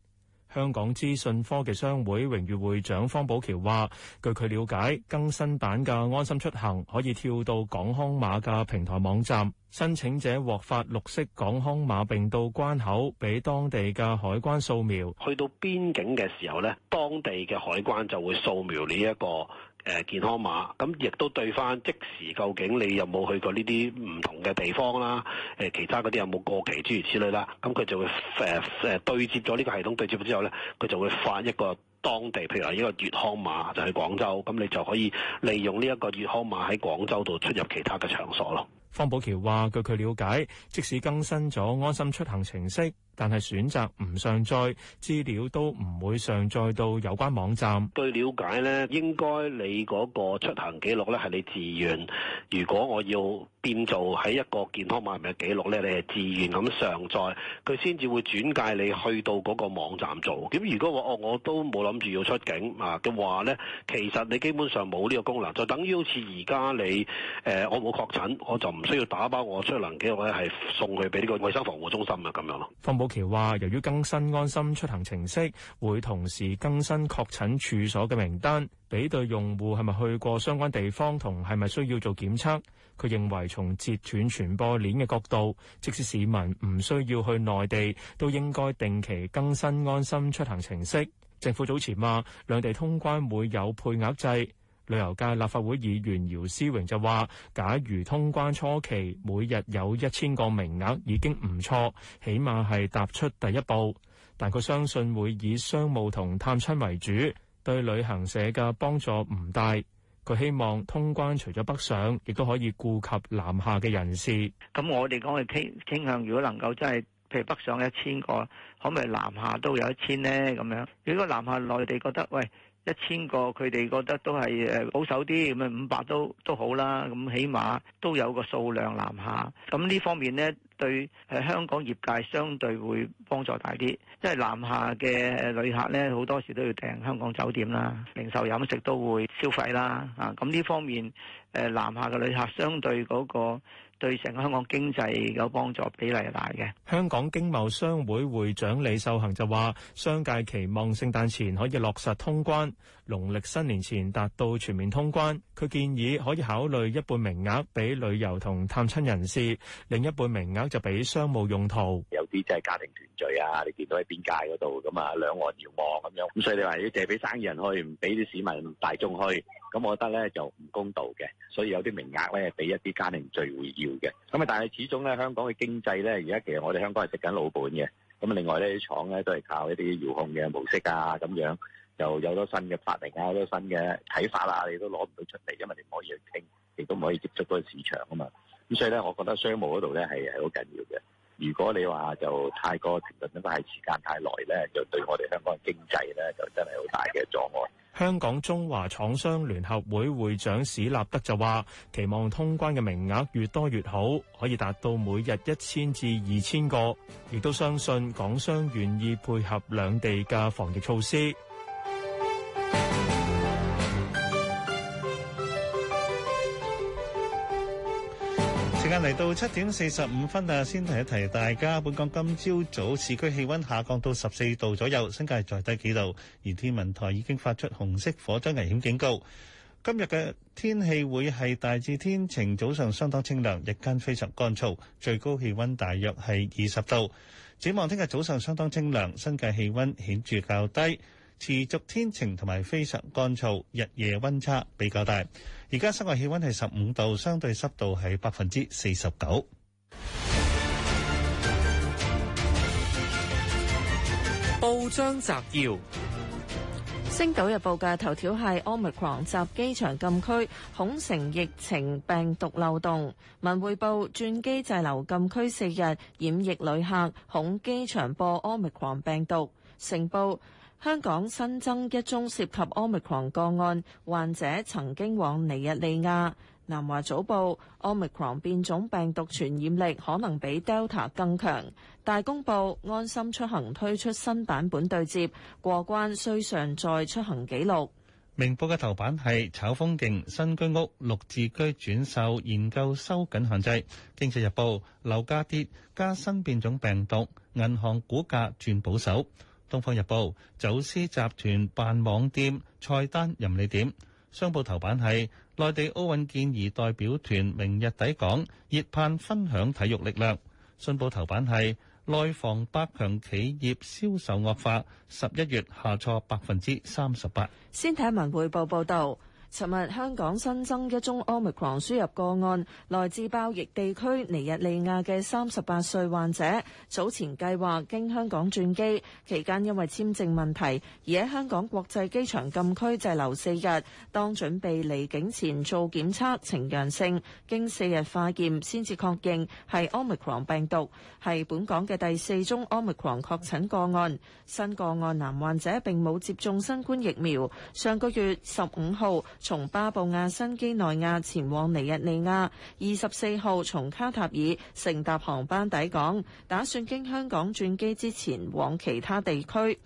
香港資訊科技商會榮譽會長方寶橋話，據佢了解，更新版嘅安心出行可以跳到港康碼嘅平台網站，申請者獲發綠色港康碼，並到關口俾當地嘅海關掃描。去到邊境嘅時候，呢當地嘅海關就會掃描呢一個。誒健康碼咁，亦都對翻即時，究竟你有冇去過呢啲唔同嘅地方啦？誒，其他嗰啲有冇過期諸如此類啦？咁佢就會誒誒對接咗呢個系統，對接咗之後咧，佢就會發一個當地，譬如話一個粵康碼，就喺廣州咁，你就可以利用呢一個粵康碼喺廣州度出入其他嘅場所咯。方寶橋話，據佢了解，即使更新咗安心出行程式。但係選擇唔上載資料都唔會上載到有關網站。據了解呢，應該你嗰個出行記錄呢，係你自願。如果我要變做喺一個健康碼面嘅記錄呢，你係自願咁上載，佢先至會轉介你去到嗰個網站做。咁如果我我都冇諗住要出境啊嘅話呢，其實你基本上冇呢個功能，就等於好似而家你誒、呃、我冇確診，我就唔需要打包我出行記錄呢，係送去俾呢個衞生防護中心嘅咁樣咯。佢話：由於更新安心出行程式，會同時更新確診處所嘅名單，比對用戶係咪去過相關地方同係咪需要做檢測。佢認為從截斷傳播鏈嘅角度，即使市民唔需要去內地，都應該定期更新安心出行程式。政府早前話，兩地通關會有配額制。旅遊界立法會議員姚思榮就話，假如通關初期每日有一千個名額已經唔錯，起碼係踏出第一步。但佢相信會以商務同探親為主，對旅行社嘅幫助唔大。佢希望通關除咗北上，亦都可以顧及南下嘅人士。咁我哋講嘅傾傾向，如果能夠真係，譬如北上一千個，可唔可以南下都有一千呢？咁樣，如果南下內地覺得喂？一千個佢哋覺得都係誒保守啲，咁啊五百都都好啦，咁起碼都有個數量南下。咁呢方面呢，對誒香港業界相對會幫助大啲，因為南下嘅旅客呢，好多時都要訂香港酒店啦，零售飲食都會消費啦。啊，咁呢方面誒南下嘅旅客相對嗰，嗰個。對成個香港經濟有幫助比例大嘅。香港經貿商會會長李秀恒就話，商界期望聖誕前可以落實通關，農曆新年前達到全面通關。佢建議可以考慮一半名額俾旅遊同探親人士，另一半名額就俾商務用途。有啲即係家庭團聚啊，你見到喺邊界嗰度噉啊，兩岸遙望咁樣，咁所以你話要借俾生意人去，唔俾啲市民大眾去。咁我覺得咧就唔公道嘅，所以有啲名額咧俾一啲家庭聚會要嘅，咁啊但係始終咧香港嘅經濟咧而家其實我哋香港係食緊老本嘅，咁另外呢啲廠咧都係靠一啲遙控嘅模式啊咁樣，又有咗新嘅法令啊好多新嘅睇法啊，你都攞唔到出嚟，因為你唔可以去傾，亦都唔可以接觸嗰個市場啊嘛，咁所以咧我覺得商務嗰度咧係係好緊要嘅。如果你話就太過，因為係時間太耐咧，就對我哋香港經濟咧就真係好大嘅阻礙。香港中華廠商聯合會會長史立德就話：期望通關嘅名額越多越好，可以達到每日一千至二千個，亦都相信港商願意配合兩地嘅防疫措施。時間嚟到七點四十五分，但係先提一提大家，本港今朝早，早市區氣溫下降到十四度左右，新界再低幾度。而天文台已經發出紅色火災危險警告。今日嘅天氣會係大致天晴，早上相當清涼，日間非常乾燥，最高氣溫大約係二十度。展望聽日早上相當清涼，新界氣溫顯著較低，持續天晴同埋非常乾燥，日夜溫差比較大。而家室外氣溫係十五度，相對濕度係百分之四十九。報章摘要：《星九日報》嘅頭條係 o m 狂 c r o 襲機場禁區，恐成疫情病毒漏洞。《文匯報》轉機滯留禁區四日，掩飾旅客，恐機場播 o m 狂病毒。《成報》香港新增一宗涉及 Omicron 個案，患者曾經往尼日利亞。南華早報 Omicron 變種病毒傳染力可能比 Delta 更強，大公報：安心出行推出新版本對接，過關需上載出行記錄，明報嘅頭版係炒風勁新居屋六字居轉售研究收緊限制。經濟日報：樓價跌加新變種病毒，銀行股價轉保守。《東方日報》走私集團辦網店菜單任你點，商報頭版係內地奧運健兒代表團明日抵港，熱盼分享體育力量。信報頭版係內房百強企業銷售惡化，十一月下挫百分之三十八。先睇文匯報報道。尋日香港新增一宗 Omicron 輸入個案，來自爆疫地區尼日利亞嘅三十八歲患者，早前計劃經香港轉機，期間因為簽證問題而喺香港國際機場禁區滯留四日。當準備離境前做檢測呈陽性，經四日化驗先至確認係 Omicron 病毒，係本港嘅第四宗 Omicron 確診個案。新個案男患者並冇接種新冠疫苗，上個月十五號，從巴布亞新畿內亞前往尼日利亞，二十四號從卡塔爾乘搭航班抵港，打算經香港轉機之前往其他地區。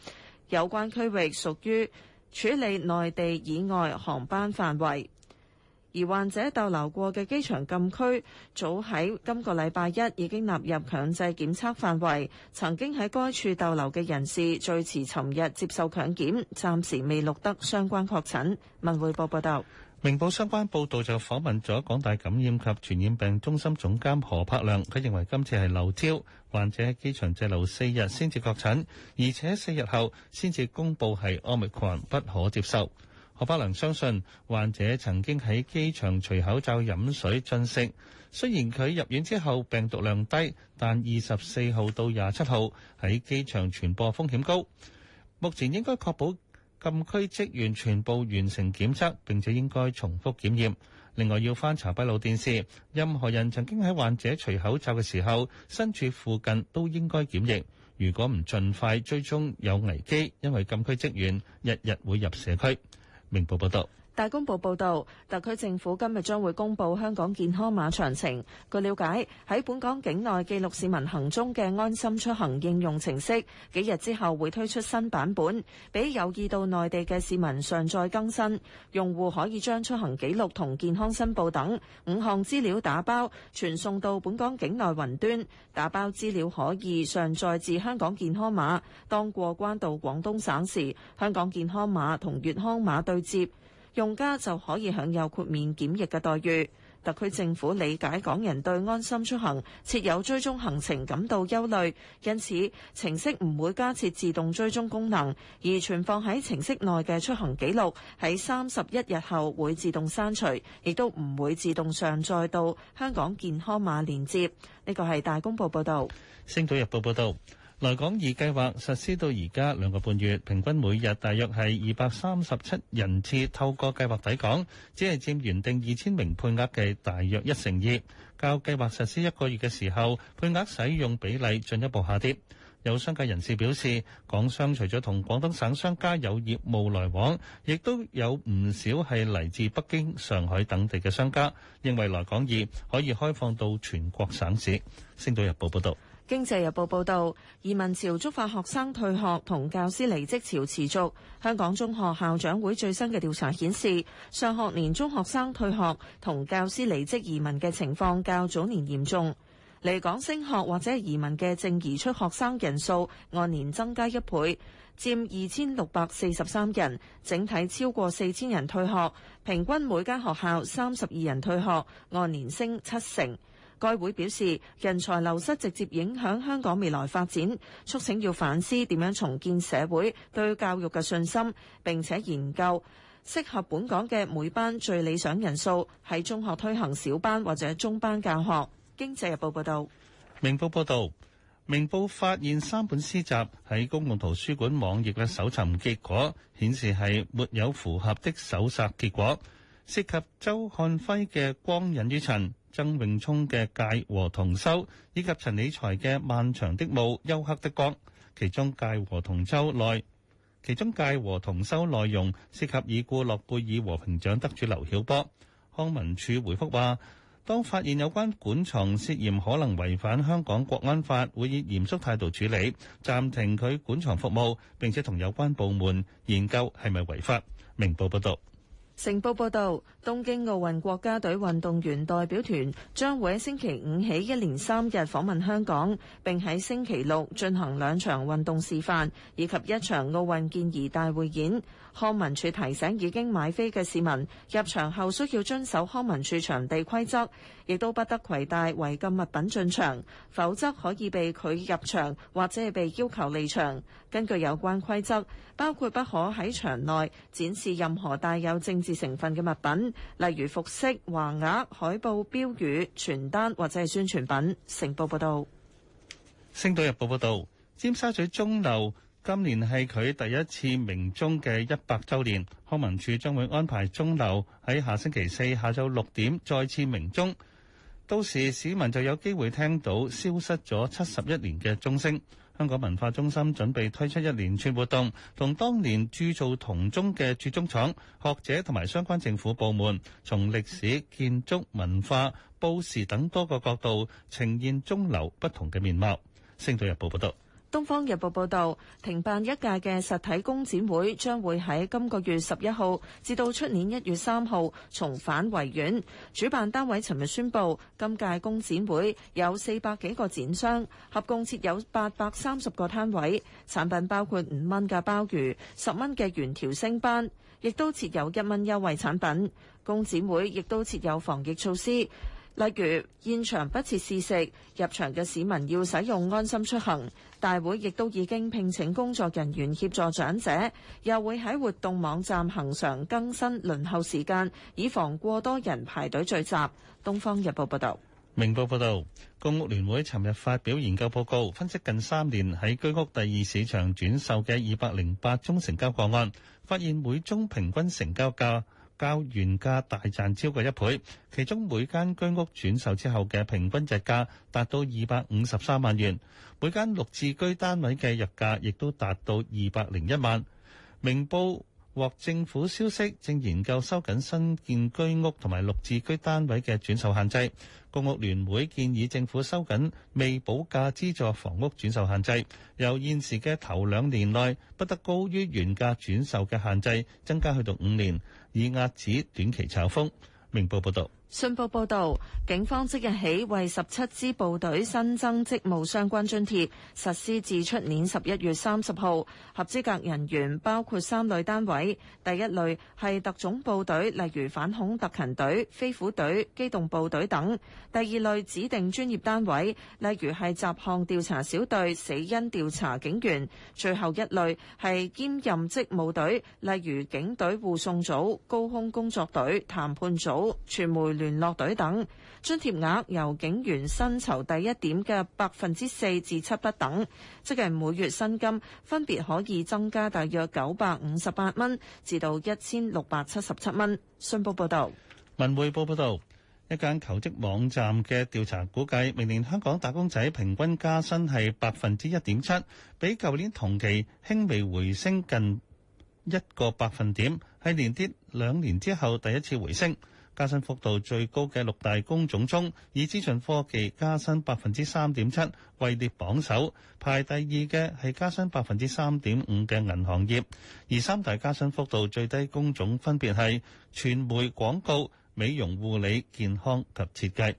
有關區域屬於處理內地以外航班範圍。而患者逗留過嘅機場禁區早喺今個禮拜一已經納入強制檢測範圍，曾經喺該處逗留嘅人士，最遲尋日接受強檢，暫時未錄得相關確診。文匯報報道，明報相關報道就訪問咗港大感染及傳染病中心總監何柏亮，佢認為今次係漏招，患者喺機場滯留四日先至確診，而且四日後先至公布係奧密克戎，不可接受。包良相信患者曾經喺機場除口罩飲水進食。雖然佢入院之後病毒量低，但二十四號到廿七號喺機場傳播風險高。目前應該確保禁區職員全部完成檢測，並且應該重複檢驗。另外要翻查閉路電視，任何人曾經喺患者除口罩嘅時候身處附近，都應該檢疫。如果唔盡快追蹤有危機，因為禁區職員日日會入社區。明報報道。B 大公報報導，特區政府今日將會公布香港健康碼詳情。據了解，喺本港境內記錄市民行蹤嘅安心出行應用程式，幾日之後會推出新版本，俾有意到內地嘅市民上載更新。用戶可以將出行記錄同健康申報等五項資料打包傳送到本港境內雲端，打包資料可以上載至香港健康碼。當過關到廣東省時，香港健康碼同粵康碼對接。用家就可以享有豁免檢疫嘅待遇。特區政府理解港人對安心出行設有追蹤行程感到憂慮，因此程式唔會加設自動追蹤功能，而存放喺程式內嘅出行記錄喺三十一日後會自動刪除，亦都唔會自動上載到香港健康碼連接。呢個係大公報報道。《星島日報》報道。來港易計劃實施到而家兩個半月，平均每日大約係二百三十七人次透過計劃抵港，只係佔原定二千名配額嘅大約一成二。較計劃實施一個月嘅時候，配額使用比例進一步下跌。有商界人士表示，港商除咗同廣東省商家有業務來往，亦都有唔少係嚟自北京、上海等地嘅商家，認為來港易可以開放到全國省市。星島日報報道。經濟日報報導，移民潮觸發學生退學同教師離職潮持續。香港中學校長會最新嘅調查顯示，上學年中學生退學同教師離職移民嘅情況較早年嚴重。離港升學或者移民嘅正移出學生人數按年增加一倍，佔二千六百四十三人，整體超過四千人退學，平均每間學校三十二人退學，按年升七成。該會表示，人才流失直接影響香港未來發展，促請要反思點樣重建社會對教育嘅信心，並且研究適合本港嘅每班最理想人數，喺中學推行小班或者中班教學。經濟日報報道：「明報報導，明報發現三本詩集喺公共圖書館網頁嘅搜尋結果顯示係沒有符合的搜查結果，涉及周漢輝嘅《光隱於塵》。曾永聰嘅《界和同修》以及陳李才嘅《漫長的霧》，休克的光。其中《界和同修》內，其中《界和同修》內容涉及已故諾貝爾和平獎得主劉曉波。康文署回覆話：當發現有關館藏涉嫌可能違反香港國安法，會以嚴肅態度處理，暫停佢館藏服務，並且同有關部門研究係咪違法。明報報道，成報報道。東京奧運國家隊運動員代表團將會喺星期五起一連三日訪問香港，並喺星期六進行兩場運動示範，以及一場奧運健兒大會演。康文署提醒已經買飛嘅市民，入場後需要遵守康文署場地規則，亦都不得攜帶違禁物品進場，否則可以被拒入場或者被要求離場。根據有關規則，包括不可喺場內展示任何帶有政治成分嘅物品。例如服飾、橫額、海報、標語、傳單或者係宣傳品。成報報導，星島日報報道：「尖沙咀鐘樓今年係佢第一次鳴鐘嘅一百週年，康文署將會安排鐘樓喺下星期四下晝六點再次鳴鐘，到時市民就有機會聽到消失咗七十一年嘅鐘聲。香港文化中心準備推出一連串活動，同當年鑄造銅鐘嘅鑄鐘廠、學者同埋相關政府部門，從歷史、建築、文化、布時等多個角度呈現鐘樓不同嘅面貌。星島日報報道。《東方日報》報導，停辦一屆嘅實體工展會將會喺今個月十一號至到出年一月三號重返維園。主辦單位尋日宣布，今屆工展會有四百幾個展商，合共設有八百三十個攤位，產品包括五蚊嘅鮑魚、十蚊嘅原條星斑，亦都設有一蚊優惠產品。工展會亦都設有防疫措施。例如現場不設試食，入場嘅市民要使用安心出行。大會亦都已經聘請工作人員協助長者，又會喺活動網站恆常更新輪候時間，以防過多人排隊聚集。《東方日報》報道。明報報道，公屋聯會尋日發表研究報告，分析近三年喺居屋第二市場轉售嘅二百零八宗成交個案，發現每宗平均成交價，較原價大賺超過一倍，其中每間居屋轉售之後嘅平均值價達到二百五十三萬元，每間六字居單位嘅入價亦都達到二百零一萬。明報。獲政府消息，正研究收緊新建居屋同埋綠置居單位嘅轉售限制。公屋聯會建議政府收緊未保價資助房屋轉售限制，由現時嘅頭兩年內不得高於原價轉售嘅限制，增加去到五年，以壓止短期炒風。明報報道。信報報導，警方即日起為十七支部隊新增職務相關津貼，實施至出年十一月三十號。合資格人員包括三類單位：第一類係特種部隊，例如反恐特勤隊、飛虎隊、機動部隊等；第二類指定專業單位，例如係集項調查小隊、死因調查警員；最後一類係兼任職務隊，例如警隊護送組、高空工作隊、談判組、傳媒聯聯絡隊等，津貼額由警員薪酬第一點嘅百分之四至七不等，即係每月薪金分別可以增加大約九百五十八蚊至到一千六百七十七蚊。信報報道。文匯報報道，一間求職網站嘅調查估計，明年香港打工仔平均加薪係百分之一點七，比舊年同期輕微回升近一個百分點，係連跌兩年之後第一次回升。加薪幅度最高嘅六大工種中，以資訊科技加薪百分之三點七，位列榜首。排第二嘅係加薪百分之三點五嘅銀行業，而三大加薪幅度最低工種分別係傳媒、廣告、美容護理、健康及設計。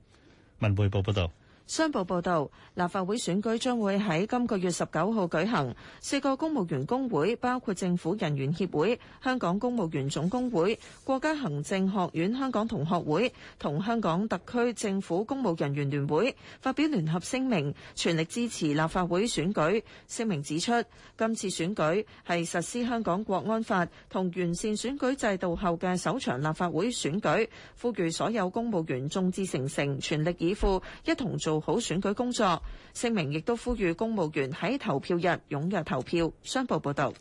文匯報報道。商報報道，立法會選舉將會喺今個月十九號舉行。四個公務員工會，包括政府人員協會、香港公務員總工會、國家行政學院香港同學會同香港特區政府公務人員聯會，發表聯合聲明，全力支持立法會選舉。聲明指出，今次選舉係實施香港國安法同完善選舉制度後嘅首場立法會選舉，呼籲所有公務員眾志成城，全力以赴，一同做。做好選舉工作，聲明亦都呼籲公務員喺投票日踴躍投票。商報報導，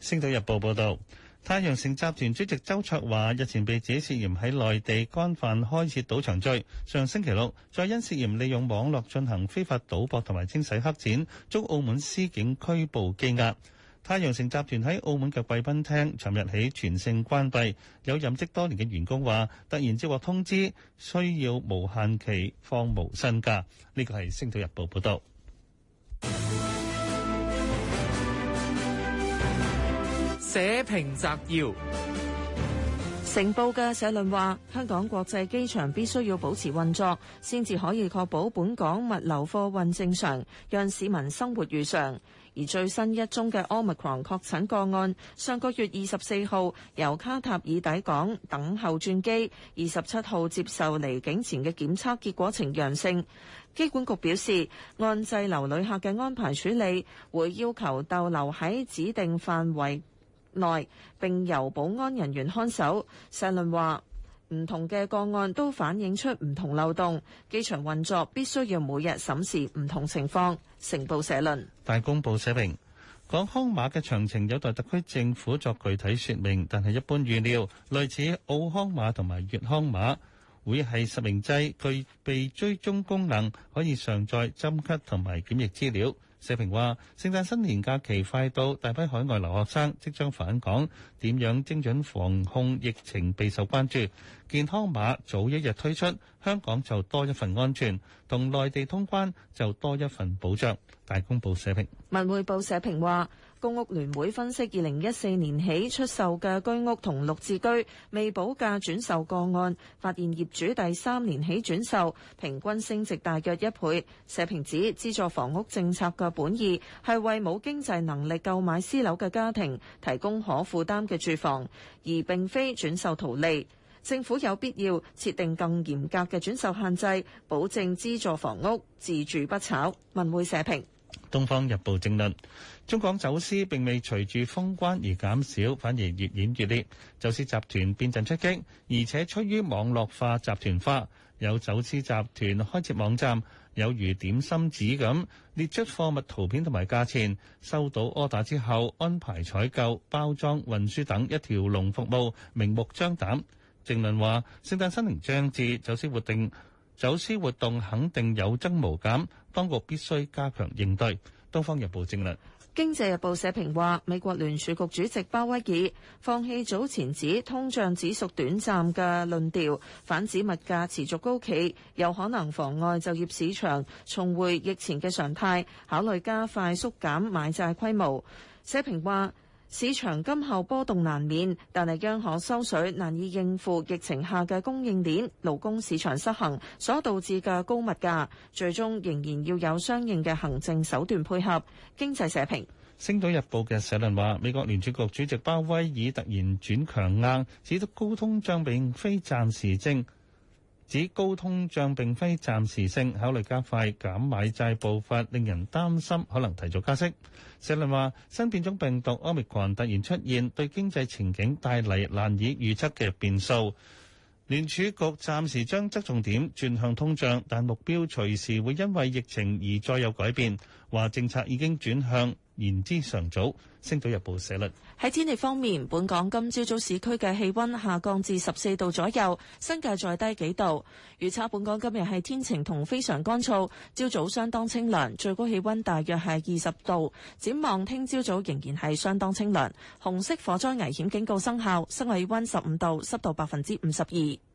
星島日報報道：「太陽城集團主席周卓華日前被指涉嫌喺內地干犯開設賭場罪，上星期六再因涉嫌利用網絡進行非法賭博同埋清洗黑錢，遭澳門司警拘捕羈押。太陽城集團喺澳門嘅貴賓廳，尋日起全城關閉。有任職多年嘅員工話，突然接獲通知，需要無限期放無薪假。呢個係《星島日報》報道。社評摘要，成報嘅社論話：香港國際機場必須要保持運作，先至可以確保本港物流貨運正常，讓市民生活如常。而最新一宗嘅 Omicron 確診個案，上個月二十四號由卡塔爾抵港等候轉機，二十七號接受離境前嘅檢測結果呈陽性。機管局表示，按滯留旅客嘅安排處理，會要求逗留喺指定範圍內，並由保安人員看守。石倫話。唔同嘅個案都反映出唔同漏洞，機場運作必須要每日審視唔同情況。成報社論。大公報社評：港康碼嘅詳情有待特區政府作具體説明，但係一般預料，類似澳康碼同埋粵康碼會係實名制，具備追蹤功能，可以常載針咭同埋檢疫資料。社評話：聖誕新年假期快到，大批海外留學生即將返港，點樣精準防控疫情備受關注。健康碼早一日推出，香港就多一份安全，同內地通關就多一份保障。大公報社評，文匯報社評話。公屋聯會分析，二零一四年起出售嘅居屋同綠置居未補價轉售個案，發現業主第三年起轉售，平均升值大約一倍。社評指，資助房屋政策嘅本意係為冇經濟能力購買私樓嘅家庭提供可負擔嘅住房，而並非轉售圖利。政府有必要設定更嚴格嘅轉售限制，保證資助房屋自住不炒。文匯社評。《東方日報》政論：中港走私並未隨住封關而減少，反而越演越烈。走私集團變陣出擊，而且趨於網絡化、集團化。有走私集團開設網站，有如點心紙咁，列出貨物圖片同埋價錢。收到 order 之後，安排採購、包裝、運輸等一條龍服務，明目張膽。政論話：聖誕新年將至，走私活動走私活動肯定有增無減。當局必須加強應對。東方日報正論，《經濟日報》社評話，美國聯儲局主席鮑威爾放棄早前指通脹只屬短暫嘅論調，反指物價持續高企，有可能妨礙就業市場重回疫前嘅常態，考慮加快縮減買債規模。社評話。市場今後波動難免，但係央行收水難以應付疫情下嘅供應鏈、勞工市場失衡所導致嘅高物價，最終仍然要有相應嘅行政手段配合經濟社評。星島日報嘅社論話：美國聯儲局主席鮑威爾突然轉強硬，指出高通脹並非暫時性，指高通脹並非暫時性，考慮加快減買債步伐，令人擔心可能提早加息。石麟話：新變種病毒奧密克戎突然出現，對經濟前景帶嚟難以預測嘅變數。聯儲局暫時將側重點轉向通脹，但目標隨時會因為疫情而再有改變。話政策已經轉向言之尚早，星島日報社率。喺天氣方面，本港今朝早，早市區嘅氣溫下降至十四度左右，新界再低幾度。預測本港今日係天晴同非常乾燥，朝早相當清涼，最高氣溫大約係二十度。展望聽朝早，早仍然係相當清涼，紅色火災危險警告生效，室外氣溫十五度，濕度百分之五十二。